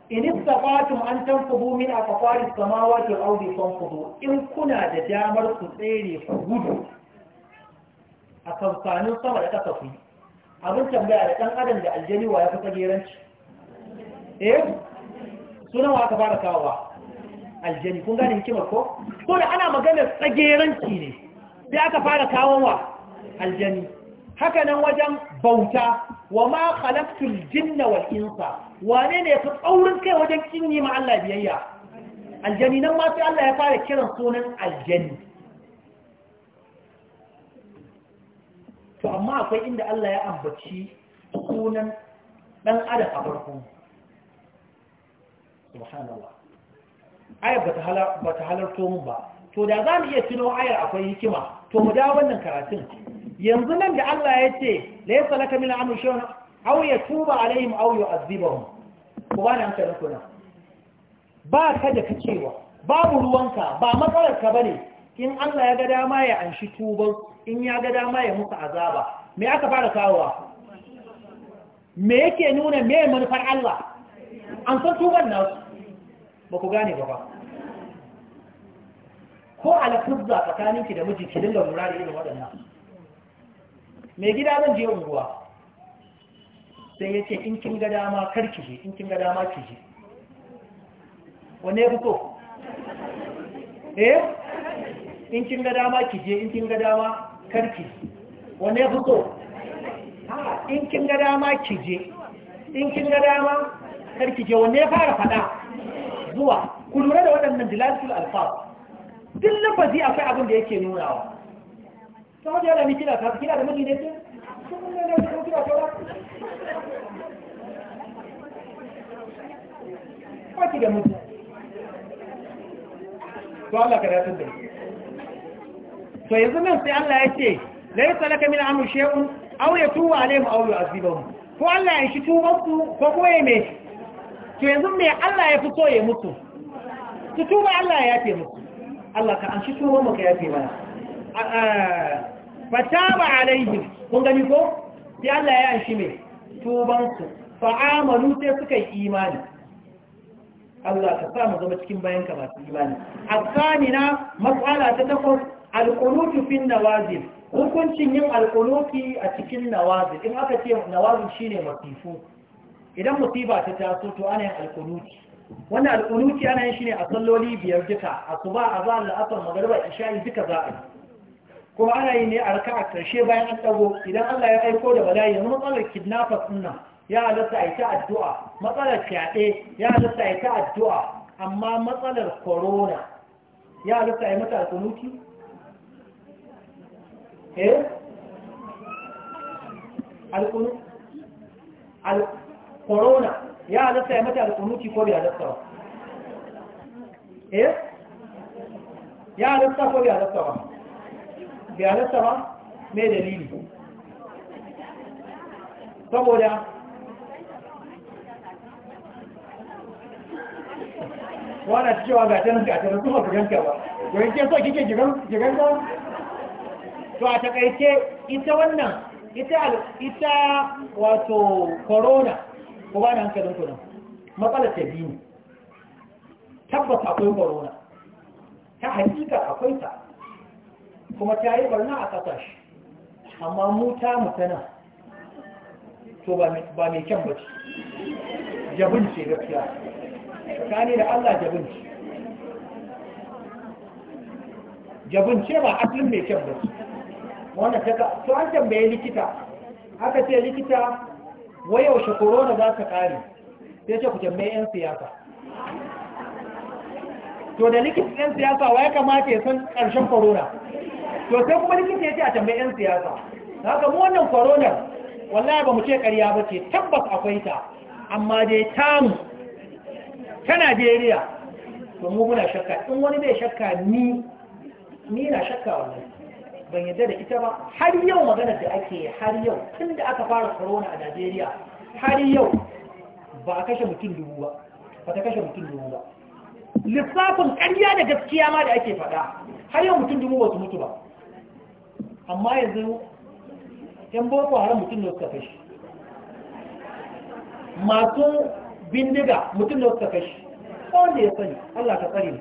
in istafatum an tanfudu min aqfari samawati wal ardi fanfudu in kuna da damar ku tsere ku gudu a kamfanin sama da kasa ku abin tambaya da ɗan adam da aljani wa ya fi tsageranci eh sunan wa aka fara kawowa aljani kun gane hikimar ko ko da ana maganar tsageranci ne sai aka fara kawo wa aljani haka nan wajen bauta wa ma khalaqtul jinna wal insa wane ne ka tsaurin kai wajen kinyi ma Allah biyayya aljani nan ma sai Allah ya fara kiran sunan aljani to amma akwai inda Allah ya ambaci sunan dan adam a farko subhanallah ayar ba ta halarto mun ba to da za mu iya tuno ayar akwai hikima to mu dawo wannan karatun yanzu nan da Allah ya ce laysa yasa laka min amru shay'un aw yatuba alaihim aw yu'adhibahum ko ba nan kana kuna ba ka da kacewa babu ruwanka ba matsalar ka bane in Allah ya ga dama ya anshi tuban in ya ga dama ya muku azaba me aka fara kawowa me yake nuna me manufar Allah an san tuban nan ba ku gane ba ba ko alfuzza tsakanin ki da miji ki dinga lura da irin waɗannan mai gida zan je unguwa sai ya ce in kin ga dama kar ki je in kin ga dama ki je wanne ya fito eh in kin ga dama ki je in kin ga dama kar ki wanne ya fito in kin ga dama ki je in kin ga dama kar ki je wanne ya fara fada zuwa ku lura da waɗannan dilatul alfaz duk lafazi akwai abin da yake nunawa ta wajen yana mikila ta kira da miji ne ce kwaci da mutu to Allah ka dace da to yanzu nan sai Allah ya ce laisa laka min amru shay'un aw yatubu alaihim aw yu'adhibuhum ko Allah ya shi tuban su ko kuma ya me to yanzu me Allah ya fito ya mutu su tuba Allah ya yafe mutu. Allah ka an shi tuwo maka yafe mana fataba alaihim kun gani ko sai Allah ya an shi mai tuban su amalu sai suka yi imani Allah ka sa mu zama cikin bayan ka masu imani na matsala ta takwas alqunutu fin nawazil hukuncin yin alkunuti a cikin nawazi in aka ce nawazi shine masifu idan musiba ta taso to ana yin alkunuti wannan al'uluki ana yin shi ne a salloli biyar duka a ba a za a la'afar magarba a sha'i duka za a yi kuma ana yi ne a raka a ƙarshe bayan an tsago idan allah ya aiko da bala'i yanzu matsalar kidnappers ɗin nan ya halatta a yi ta addu'a matsalar fyaɗe ya halatta a yi ta addu'a amma matsalar corona ya halatta a yi mata al'uluki eh ya halatta ya mata da kunuti ko bai halatta ba eh ya halatta ko bai halatta ba bai halatta ba me dalili saboda wana cewa ga tanin ga tanin kuma ku ganka ba don ke so kike jigan jigan ba to a takaice ita wannan ita ita wato corona ko ba da hankalin ku nan matsalar ta biyu tabbata tabbas akwai korona, ta hakika akwai ta kuma ta yi barna a kasashe amma mu ta mutana to ba mai kyan ba ce jabin ce ta tsakani da Allah jabin ce jabin ce ba asalin mai kyan ba ce wanda ta to an tambaye likita aka ce likita wai yaushe korona za ta kare sai ce ku tambayi 'yan siyasa to da likita 'yan siyasa wa ya kamata ya san ƙarshen korona to sai kuma likita ya ce a tambayi 'yan siyasa ka mu wannan koronar wallahi ba mu ce ƙarya ba ce tabbas akwai ta amma dai tamu ta najeriya to mu muna shakka in wani bai shakka ni ni na shakka wannan ban yadda da ita ba har yau magana da ake har yau tun da aka fara corona a Najeriya har yau ba a kashe mutum dubu ba ba ta kashe mutum dubu ba lissafin ƙarya da gaskiya ma da ake faɗa har yau mutum dubu ba su mutu ba amma yanzu yan boko haram mutum da suka kashe masu bindiga mutum da suka kashe wanda ya sani Allah ka tsare ne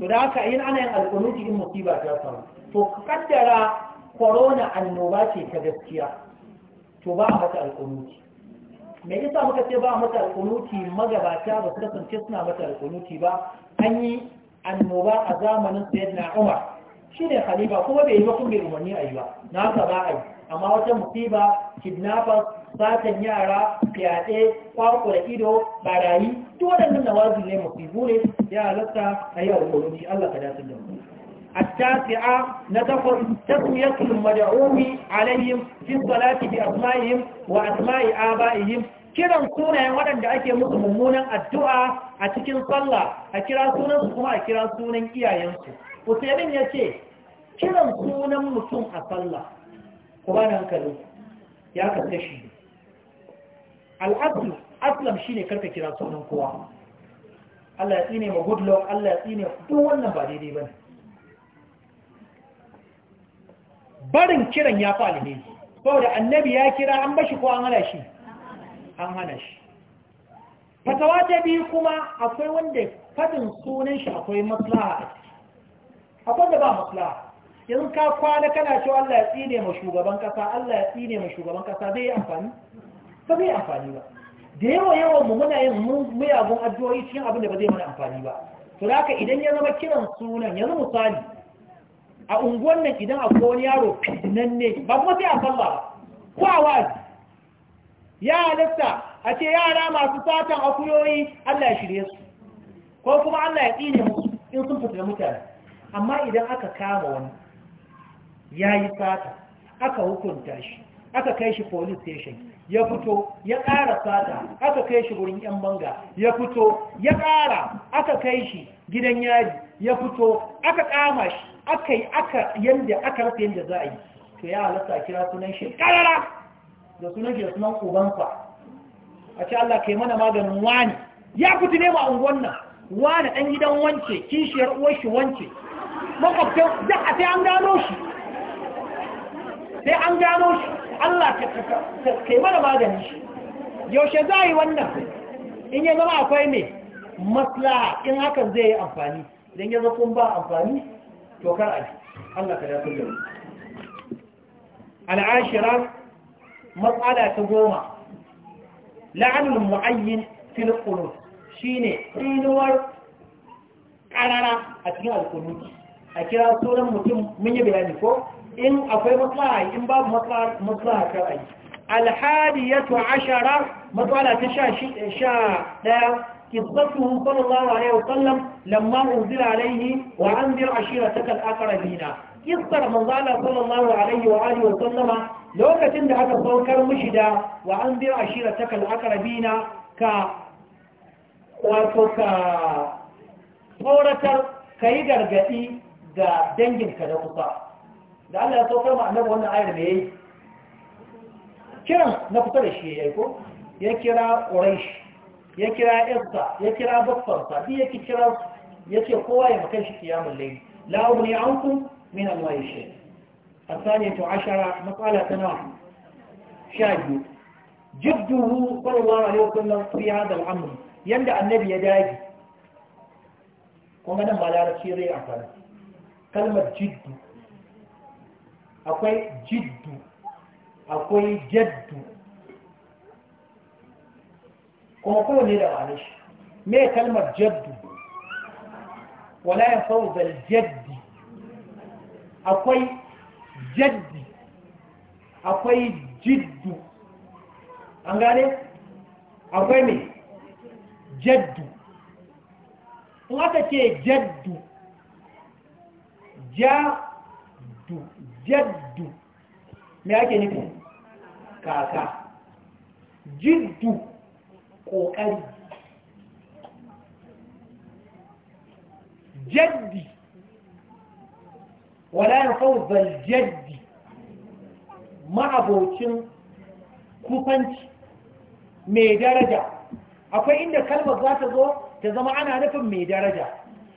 to da haka yin ana yin alƙunuti in musiba ta samu to kaddara korona annoba ce ta gaskiya to ba a mata alƙunuti me yasa muka ce ba a mata alƙunuti magabata ba su kasance suna mata alƙunuti ba an yi annoba a zamanin na umar shine khalifa kuma bai yi ba kuma bai umarni a yi ba na haka ba a yi amma wata musiba kidnappers satan yara fyaɗe kwakwara ido barayi duk waɗannan nawazin ne musibu ne ya halatta a yi alƙulunci allah ka dace da mu التاسعة نتقل تقوية المدعوم عليهم في الصلاة بأسمائهم وأسماء آبائهم kiran sunayen waɗanda ake musu mummunan addu'a a cikin sallah a kira sunansu kuma a kira sunan iyayensu Usaimin ya ce kiran sunan mutum a sallah ku ba hankali ya kasa al'adu aslam shi ne karka kira sunan kowa Allah ya tsine ma goodluck Allah ya tsine duk wannan ba daidai ba ne barin kiran ya fi alheri saboda annabi ya kira an bashi ko an hana shi an hana shi fatawa ta biyu kuma akwai wanda fadin sunan shi akwai maslaha akwai da ba maslaha yanzu ka kwana kana cewa Allah ya tsine ma shugaban kasa Allah ya tsine ma shugaban kasa zai yi amfani ba zai amfani ba da yawa yawan mu muna yin muyagun addu'o'i cikin abin da ba zai mana amfani ba to haka idan ya zama kiran sunan yanzu misali a unguwan nan idan akwai wani yaro fitinan ne ba kuma sai a sallah ba ko a wazi ya halitta a ce yara masu satan akuyoyi Allah ya shirye su ko kuma Allah ya tsine musu in sun fitina mutane amma idan aka kama wani ya yi sata aka hukunta shi aka kai shi police station ya fito ya kara sata aka kai shi wurin 'yan banga ya fito ya ƙara aka kai shi gidan yari, ya fito aka kama shi aka yi aka yadda aka rasa yadda za a yi to ya halatta a kira sunan shi karara da sunan shi da sunan ubansa a ce Allah kai mana maganin wani ya fito ne ma unguwan nan wani ɗan gidan wance kishiyar uwar shi wance makwabtan da a sai an gano shi sai an gano shi Allah kai mana maganin shi yaushe za a yi wannan in ya zama akwai ne maslaha in hakan zai yi amfani don ya zafin ba amfani to kar a Allah ka dafa da mu al'ashira matsala ta goma la'anul mu'ayyin fil qunut shine tsinuwar karara a cikin alkunuti a kira sunan mutum mun yi bayani ko in akwai maslaha in babu maslaha kar a yi alhadiyatu ashara matsala ta sha ɗaya قصته صلى الله عليه وسلم لما أنزل عليه وأنذر عشيرتك الأقربين قصة من قال صلى الله عليه وآله وسلم لو كتن هذا الصوكر مشدا وأنذر عشيرتك الأقربين ك وتك صورتر كي غرغتي دا دنجل كذا قصة da Allah ya saukar ma annabi wannan ayar me yayi kiran na kusa da shi yayi ko ya kira Quraysh ya kira yarsa ya kira baffarsa duk yake kira ya ce kowa ya makan shi kiyamun laili la ubni ankum min Allah shay الثانية عشرة مسألة نوع شاجو جده صلى الله عليه وسلم في هذا الأمر يندع النبي يداجي kuma nan ba larabci zai amfani kalmar jiddu akwai jiddu akwai jaddu kuma kowane da wane shi me kalmar jaddu wala ya fawzal jaddi akwai jaddi akwai jiddu an gane akwai ne jaddu in aka ce jaddu jaddu jaddu me ake nufi kaka jiddu ƙoƙari jaddi wala ya fawzal jaddi ma'abocin kufanci mai daraja akwai inda kalmar za ta zo ta zama ana nufin mai daraja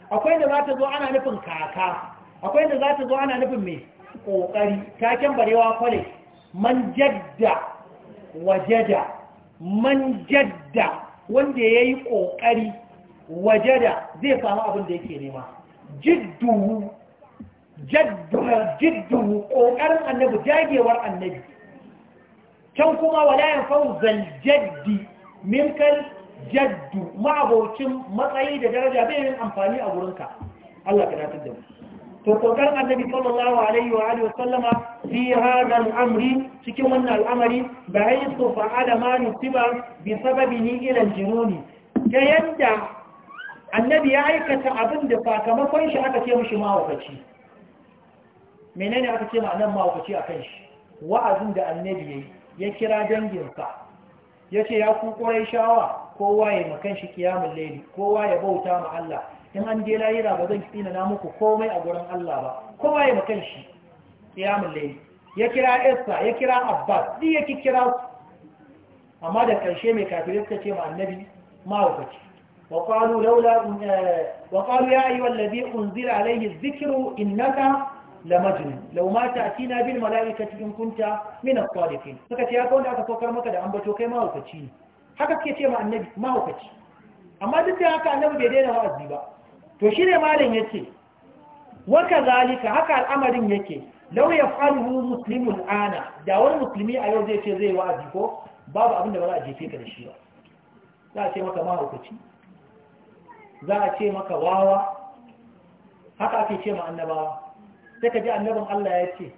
akwai inda za ta zo ana nufin kaka akwai inda za ta zo ana nufin mai ƙoƙari taken barewa kwale man jadda wajada man jadda wanda ya yi ƙoƙari wajada zai samu abin da yake nema jidduhu ƙoƙarin annabi jagewar annabi can kuma walayan fauzal jaddi minkal jaddu ma'abocin matsayi da daraja zai amfani a wurinka Allah ka datar da mu to kokar annabi sallallahu alaihi wa alihi wasallama fi hadha al-amri cikin wannan al'amari bayan su fa'ala ma nusiba bi ni ila al-jununi ta yadda annabi ya aikata abin da sakamakon shi aka ce mishi mawakaci menene aka ce ma nan mawakaci akan shi wa'azin da annabi yayi ya kira danginsa yace ya ku shawa kowa ya makan shi kiyamul layli kowa ya bauta ma Allah in an je layira ba zan tsina na muku komai a gurin Allah ba kowa ya makan shi qiyamul layl ya kira Esther ya kira Abbas duk ya kira amma da karshe mai kafirai suka ce ma annabi ma wakaci wa qalu laula eh, wa qalu ya ayyuha alladhi unzila alayhi adh-dhikru innaka lamajnun law ma ta'tina bil malaikati in kunta min as-sadiqin suka ce ya kawai aka saukar maka da ambato kai ma wakaci ne haka suke ce ma annabi ma wakaci amma duk da haka annabi bai daina wa'azi ba to shi ne malin yake waka zalika haka al'amarin yake lau ya faru muslimun ana da wani musulmi a yau zai ce zai wa'azi ko babu abin da ba za a jefe ka da shi ba za a ce maka mahaukaci za a ce maka wawa haka ake ce ma annabawa sai ka ji annabin Allah ya ce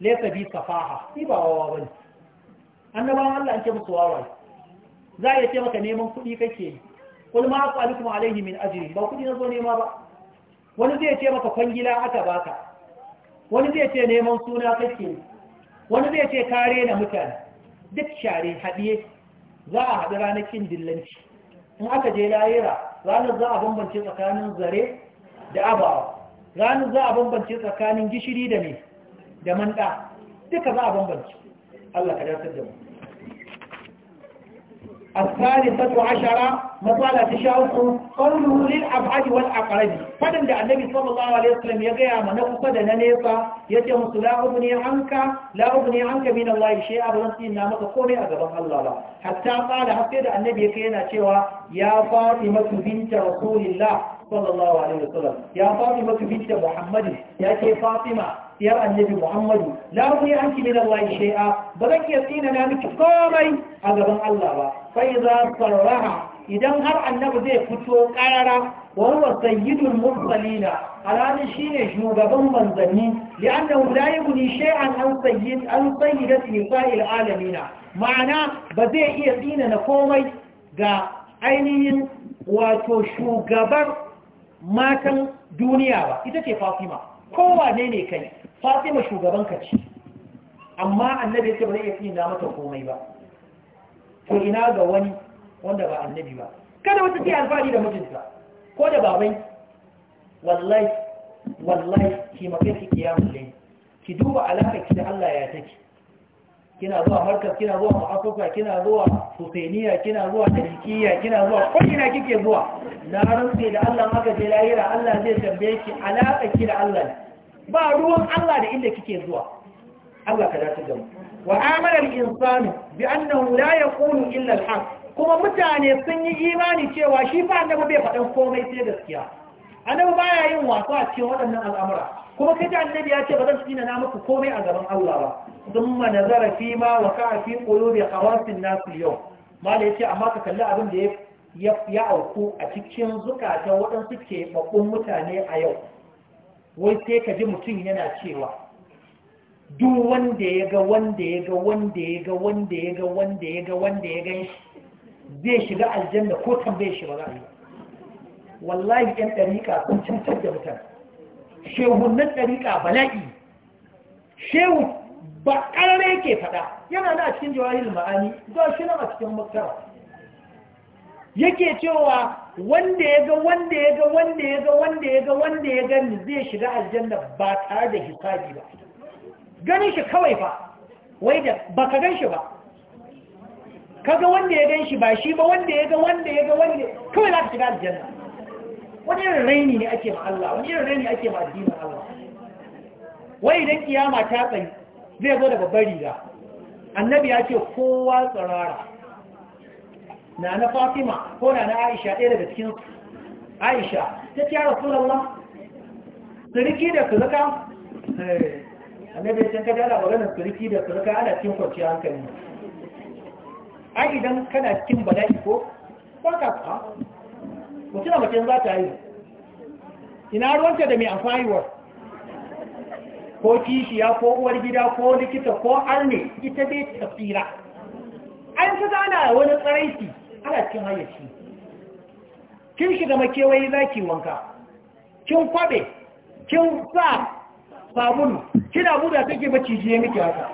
lesa bi safaha ni ba wawa bane annabawan Allah an ce musu wawa za a ce maka neman kuɗi kake yi kul ma asalikum alaihi min ajri ba kudi na zo nema ba wani zai ce maka kwangila aka baka wani zai ce neman suna kake wani zai ce kare na mutane duk share haɗiye za a haɗu ranakin dillanci in aka je layira ranar za a bambance tsakanin zare da abawa ranar za a bambance tsakanin gishiri da me da manda duka za a bambance Allah ka dasar da mu الثالثة عشرة مسألة تشاوق قوله للأبعد والأقرب فدن ده النبي صلى الله عليه وسلم يقيا من أقصد ننيفا يتمس لا أبني عنك لا أبني عنك من الله شيئا بلنسي إنما تقومي أقرب الله حتى قال حتى النبي كينا شوى يا فاطمة بنت رسول الله صلى الله عليه وسلم يا فاطمة بنت محمد يا فاطمة diyar annabi Muhammadu la ruqi anki min Allah shay'a ba zan iya tsina na miki komai a gaban Allah ba fa idza sarraha idan har annabi zai fito karara wa huwa sayyidul mursalin alani shine shugaban manzanni li'annahu la yughni shay'an an sayyid an sayyidati sa'il ma'ana ba zai iya tsina na komai ga ainihin wato shugabar matan duniya ba ita ce Fatima kowa ne ne kai fatima shugaban ka ce amma annabi ya ce ba zai iya tsina mata komai ba to ina ga wani wanda ba annabi ba kada wata ce alfahari da mijinta ko da babai wallahi wallahi ki mafi ki kiyamu lai ki duba alaƙa ki da Allah ya take kina zuwa harkar, kina zuwa ma'afuka kina zuwa sufeniya kina zuwa tarikiya kina zuwa ko'ina kike zuwa na rantse da Allah maka je lahira Allah zai tambaye ki alaƙa ki da Allah ne ba ruwan Allah da inda kike zuwa Allah ka dace da mu wa amara al-insanu bi annahu la yaqulu illa al-haq kuma mutane sun yi imani cewa shi fa annabi bai faɗan komai sai gaskiya annabi baya yin wasa a cikin waɗannan al'amura kuma kaji annabi ya ce ba zan tsina na muku komai a gaban Allah ba thumma nazara fi ma waqa'a fi qulubi qawasin nas yau mala yace amma ka kalli abin da ya auku a cikin zukatan waɗansu ke babban mutane a yau wai sai ka ji mutum yana cewa duk wanda ya ga wanda ya ga wanda ya ga wanda ya ga wanda ya ga wanda ya gan zai shiga aljanna ko tambaye shi ba za a yi wallahi yan ɗariƙa sun cutar da shehu shehunan ɗariƙa bala'i shehu ba ƙarare yake faɗa yana na cikin jawahir ma'ani zuwa shi na a cikin yake cewa wanda ya ga wanda ya ga wanda ya ga wanda ya ga wanda ya gani zai shiga aljanna ba tare da hisabi ba ganin shi kawai ba wai da ba ka gan shi ba kaga wanda ya gan shi ba shi ba wanda ya ga wanda ya ga wanda kawai za ka shiga aljanna wani irin raini ne ake ma Allah wani irin raini ake ma addinin Allah wai idan kiyama ta tsayi zai zo da babbar riga annabi ya ce kowa tsirara na na fatima ko na na aisha ɗaya daga cikin aisha ta ce yara sunallah suriki da surika eh, annabi sun kaji ana magana suriki da surika ana cikin kwanciyar hankali ai idan kana cikin bala'i ko ba ka ka mutum mace za ta yi ina ruwanta da mai amfaniwar ko kishiya ko uwar gida ko likita ko arne ita dai ta tsira an ta zana wani tsaraiti ana cikin hayyaci kin shiga makewayi zaki wanka kin kwabe kin sa sabulu kina da take maciji ya miki haka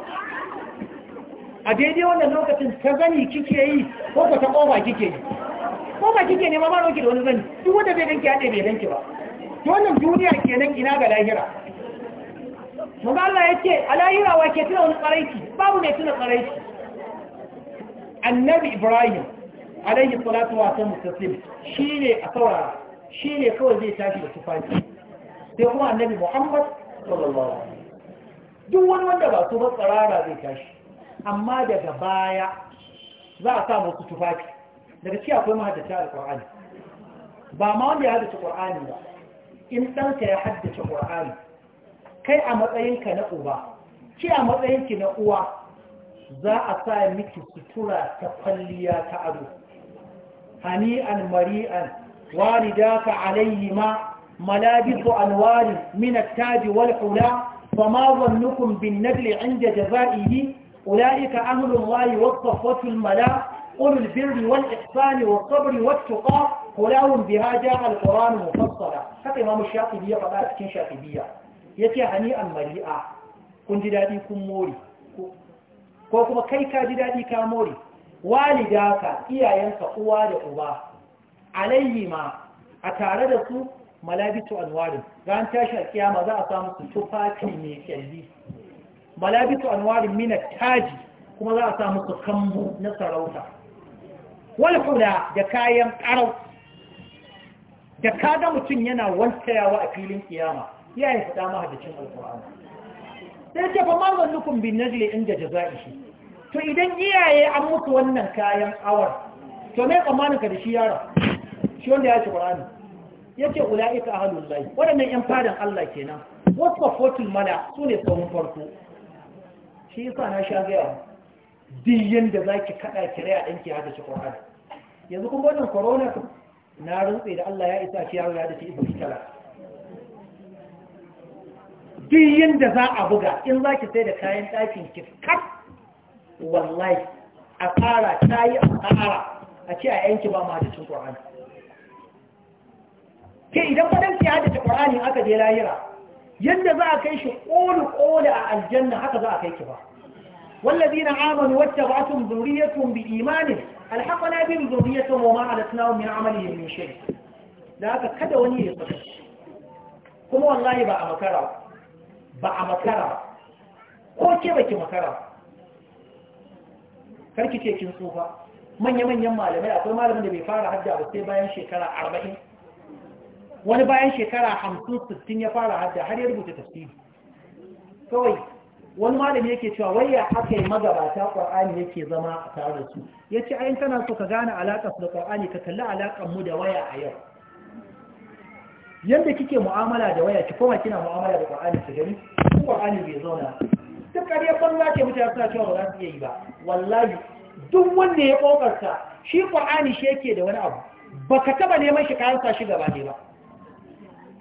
a daidai wannan lokacin ta zani kike yi ko ka ta ƙofa kike yi ƙofa kike ne ma ma roki da wani zani duk wanda bai danki haɗe bai danki ba to wannan duniya kenan ina ga lahira Muga Allah ya ce, a wa ke tuna wani tsaraiki, babu ne tuna tsaraiki. Annabi Ibrahim, alaihi salatu wa sallam taslim shine a saurara shine kawai zai tashi da tufafi sai kuma annabi Muhammad sallallahu alaihi duk wani wanda ba su ba tsarara zai tashi amma daga baya za a samu su tufafi daga cewa akwai mahaddata alqur'ani ba ma wanda ya haddace qur'ani ba in ɗanka ya haddace qur'ani kai a matsayinka na uba ki a matsayinki na uwa za a sa miki sutura ta kwalliya ta ado hani'an mari'an walida ka alayhi ma malabisu alwari minat taji wal hula fa ma zannukum bin nadli inda jaza'ihi ulaika ahlul wali wasfatu al mala qulu al birri wal ihsani wa qabr wa tuqa qulawun bi hada al quran mufassala kata imam shafi'i ya fada cikin shafi'iyya yace hani'an mari'a kun ji dadi kun mori ko kuma kai ka ji dadi ka mori walidaka iyayenka uwa da uba alayhi ma a tare da su malabitu anwarin ran tashi a kiyama za a samu su tufafi mai kyalli malabitu anwarin mina taji kuma za a samu su kambu na sarauta wal da kayan karau da ga mutum yana wantayawa a filin kiyama iyayen su dama hadacin sai ce fa ma zannukun bin najli inda jaza'i to idan iyaye an mutu wannan kayan awar to mai tsammanin ka da shi yara shi wanda ya ce ƙwararri ya ce ula'ika a halin lai waɗannan 'yan fadin Allah kenan wasu fotul mala su ne tsawon farko shi yasa na sha gaya diyan da za ki kaɗa kira a ɗanki ya shi ƙwararri yanzu kuma wannan corona na rantse da Allah ya isa shi yaro ya da shi ibu tala diyan da za a buga in za ki sai da kayan ɗakin ki wallahi a ƙara ta yi a ƙara a ce a yanki ba ma ƙorani ke idan fadansu ya ta ƙorani aka je lahira yadda za a kai shi ƙoli-ƙoli a aljanna haka za a kai ki ba والذين آمنوا واتبعتهم ذريتهم بإيمان الحقنا بهم ذريتهم وما علتناهم من عملهم من شيء ذاك كذا Kuma يفكر ba a makara, ba a makara, ko ke baki makara karki ce kin tsufa manya-manyan malamai akwai malamin da bai fara hajji ba sai bayan shekara arba'in wani bayan shekara hamsin sittin ya fara hajji har ya rubuta tafsiri kawai wani malami yake cewa wayya ya aka yi magabata ƙwar'ani yake zama a tare su ya ce ayin kana so ka gane alaƙa su da ƙwar'ani ka kalli alaƙar mu da waya a yau yadda kike mu'amala da waya ki koma kina mu'amala da ƙwar'ani ki gani ƙwar'ani bai zauna ta ƙarya banza ce mutane suna cewa ba za su iya yi ba wallahi duk wanda ya kokarta shi ƙwa'ani shi yake da wani abu baka ka taɓa neman shi kayan sa shi gaba ne ba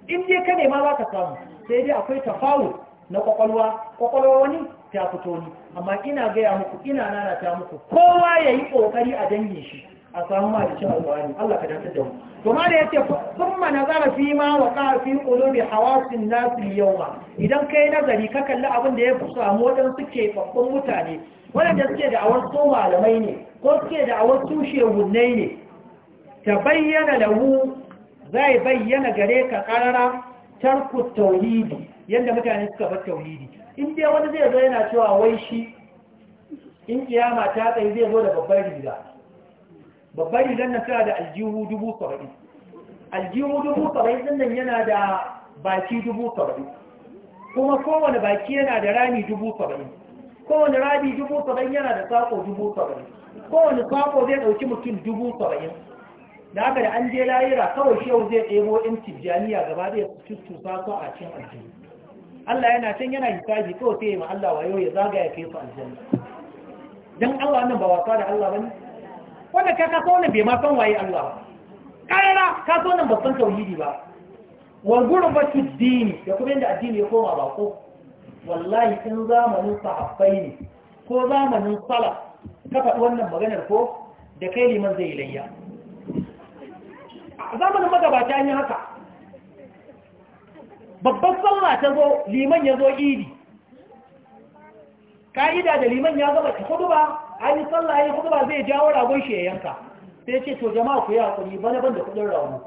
in dai ka nema za ka samu sai dai akwai tafawul na ƙwaƙwalwa ƙwaƙwalwa wani ta fito ni amma ina gaya muku ina ta muku kowa ya yi ƙoƙari a dangin shi a samu ma cin alƙur'ani Allah ka dantar da mu to ma da yace thumma nazara fi ma waqa fi qulubi hawasin nas al-yawma idan kai nazari ka kalli abin da ya samu wadan suke babban mutane wadanda suke da awar so malamai ne ko suke da awar tushe hunnai ne ta bayyana lahu zai bayyana gare ka karara tarku tauhidi yadda mutane suka bar tauhidi in dai wani zai zo yana cewa wai shi in kiyama ta tsaye zai zo da babbar riga babbar rigar na tana da aljihu dubu saba'in aljihu dubu saba'in ɗin nan yana da baki dubu saba'in kuma kowane baki yana da rami dubu saba'in kowane rami dubu saba'in yana da saƙo dubu saba'in kowane saƙo zai ɗauki mutum dubu saba'in da aka da an je layira kawai shi yau zai ɗebo ɗin tijjaniya gaba zai cutusa su a cikin aljihu Allah yana can yana hisabi kawai sai ya ma Allah wayo ya zagaya kai su aljanna dan Allah nan ba wasa da Allah bane wanda ka kaso wannan bai ma san waye Allah ba karara ka so nan babban tauhidi ba wangurin ba su dini da kuma yadda addini ya koma ba ko. wallahi in zamanin sahabbai ne ko zamanin salaf ka faɗi wannan maganar ko da kai liman zai layya a zamanin magabata an yi haka Babban sallah ta zo liman ya zo idi ka'ida da liman ya zama ta hudu ba an yi sallah ya kuma zai jawo ragon shi ya yanka sai ce to jama'a ku yi hakuri bana ban da kudin rauni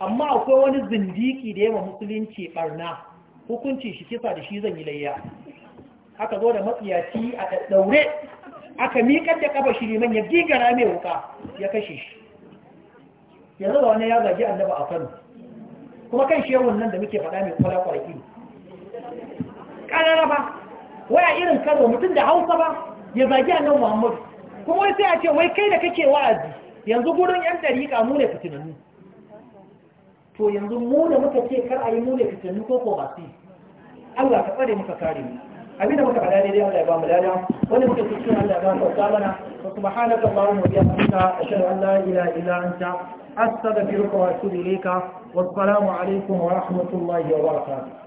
amma akwai wani zindiki da yawa musulunci barna hukunci shi kisa da shi zan yi layya aka zo da matsiyaci a daure aka miƙar da kafa shiriman ya gigara mai wuka ya kashe shi yanzu ba wani ya zagi annaba a kano kuma kan shehun nan da muke faɗa mai kwala kwarki ba waya irin karo mutum da hausa ba ya zagi annabi Muhammadu kuma sai a ce wai kai da kake wa'azi yanzu gudun yan dariƙa mu ne fitinannu to yanzu mune da muka ce kar a yi mune ne fitinannu ko ko masu Allah ka tsare muka kare mu abinda muka faɗa daidai Allah ya ba mu lada wanda muka cikin Allah ya ba mu tsamana wa subhanaka allahumma wa bihamdika ashhadu an la ilaha illa anta astaghfiruka wa atubu ilayka wa assalamu alaikum wa rahmatullahi wa barakatuh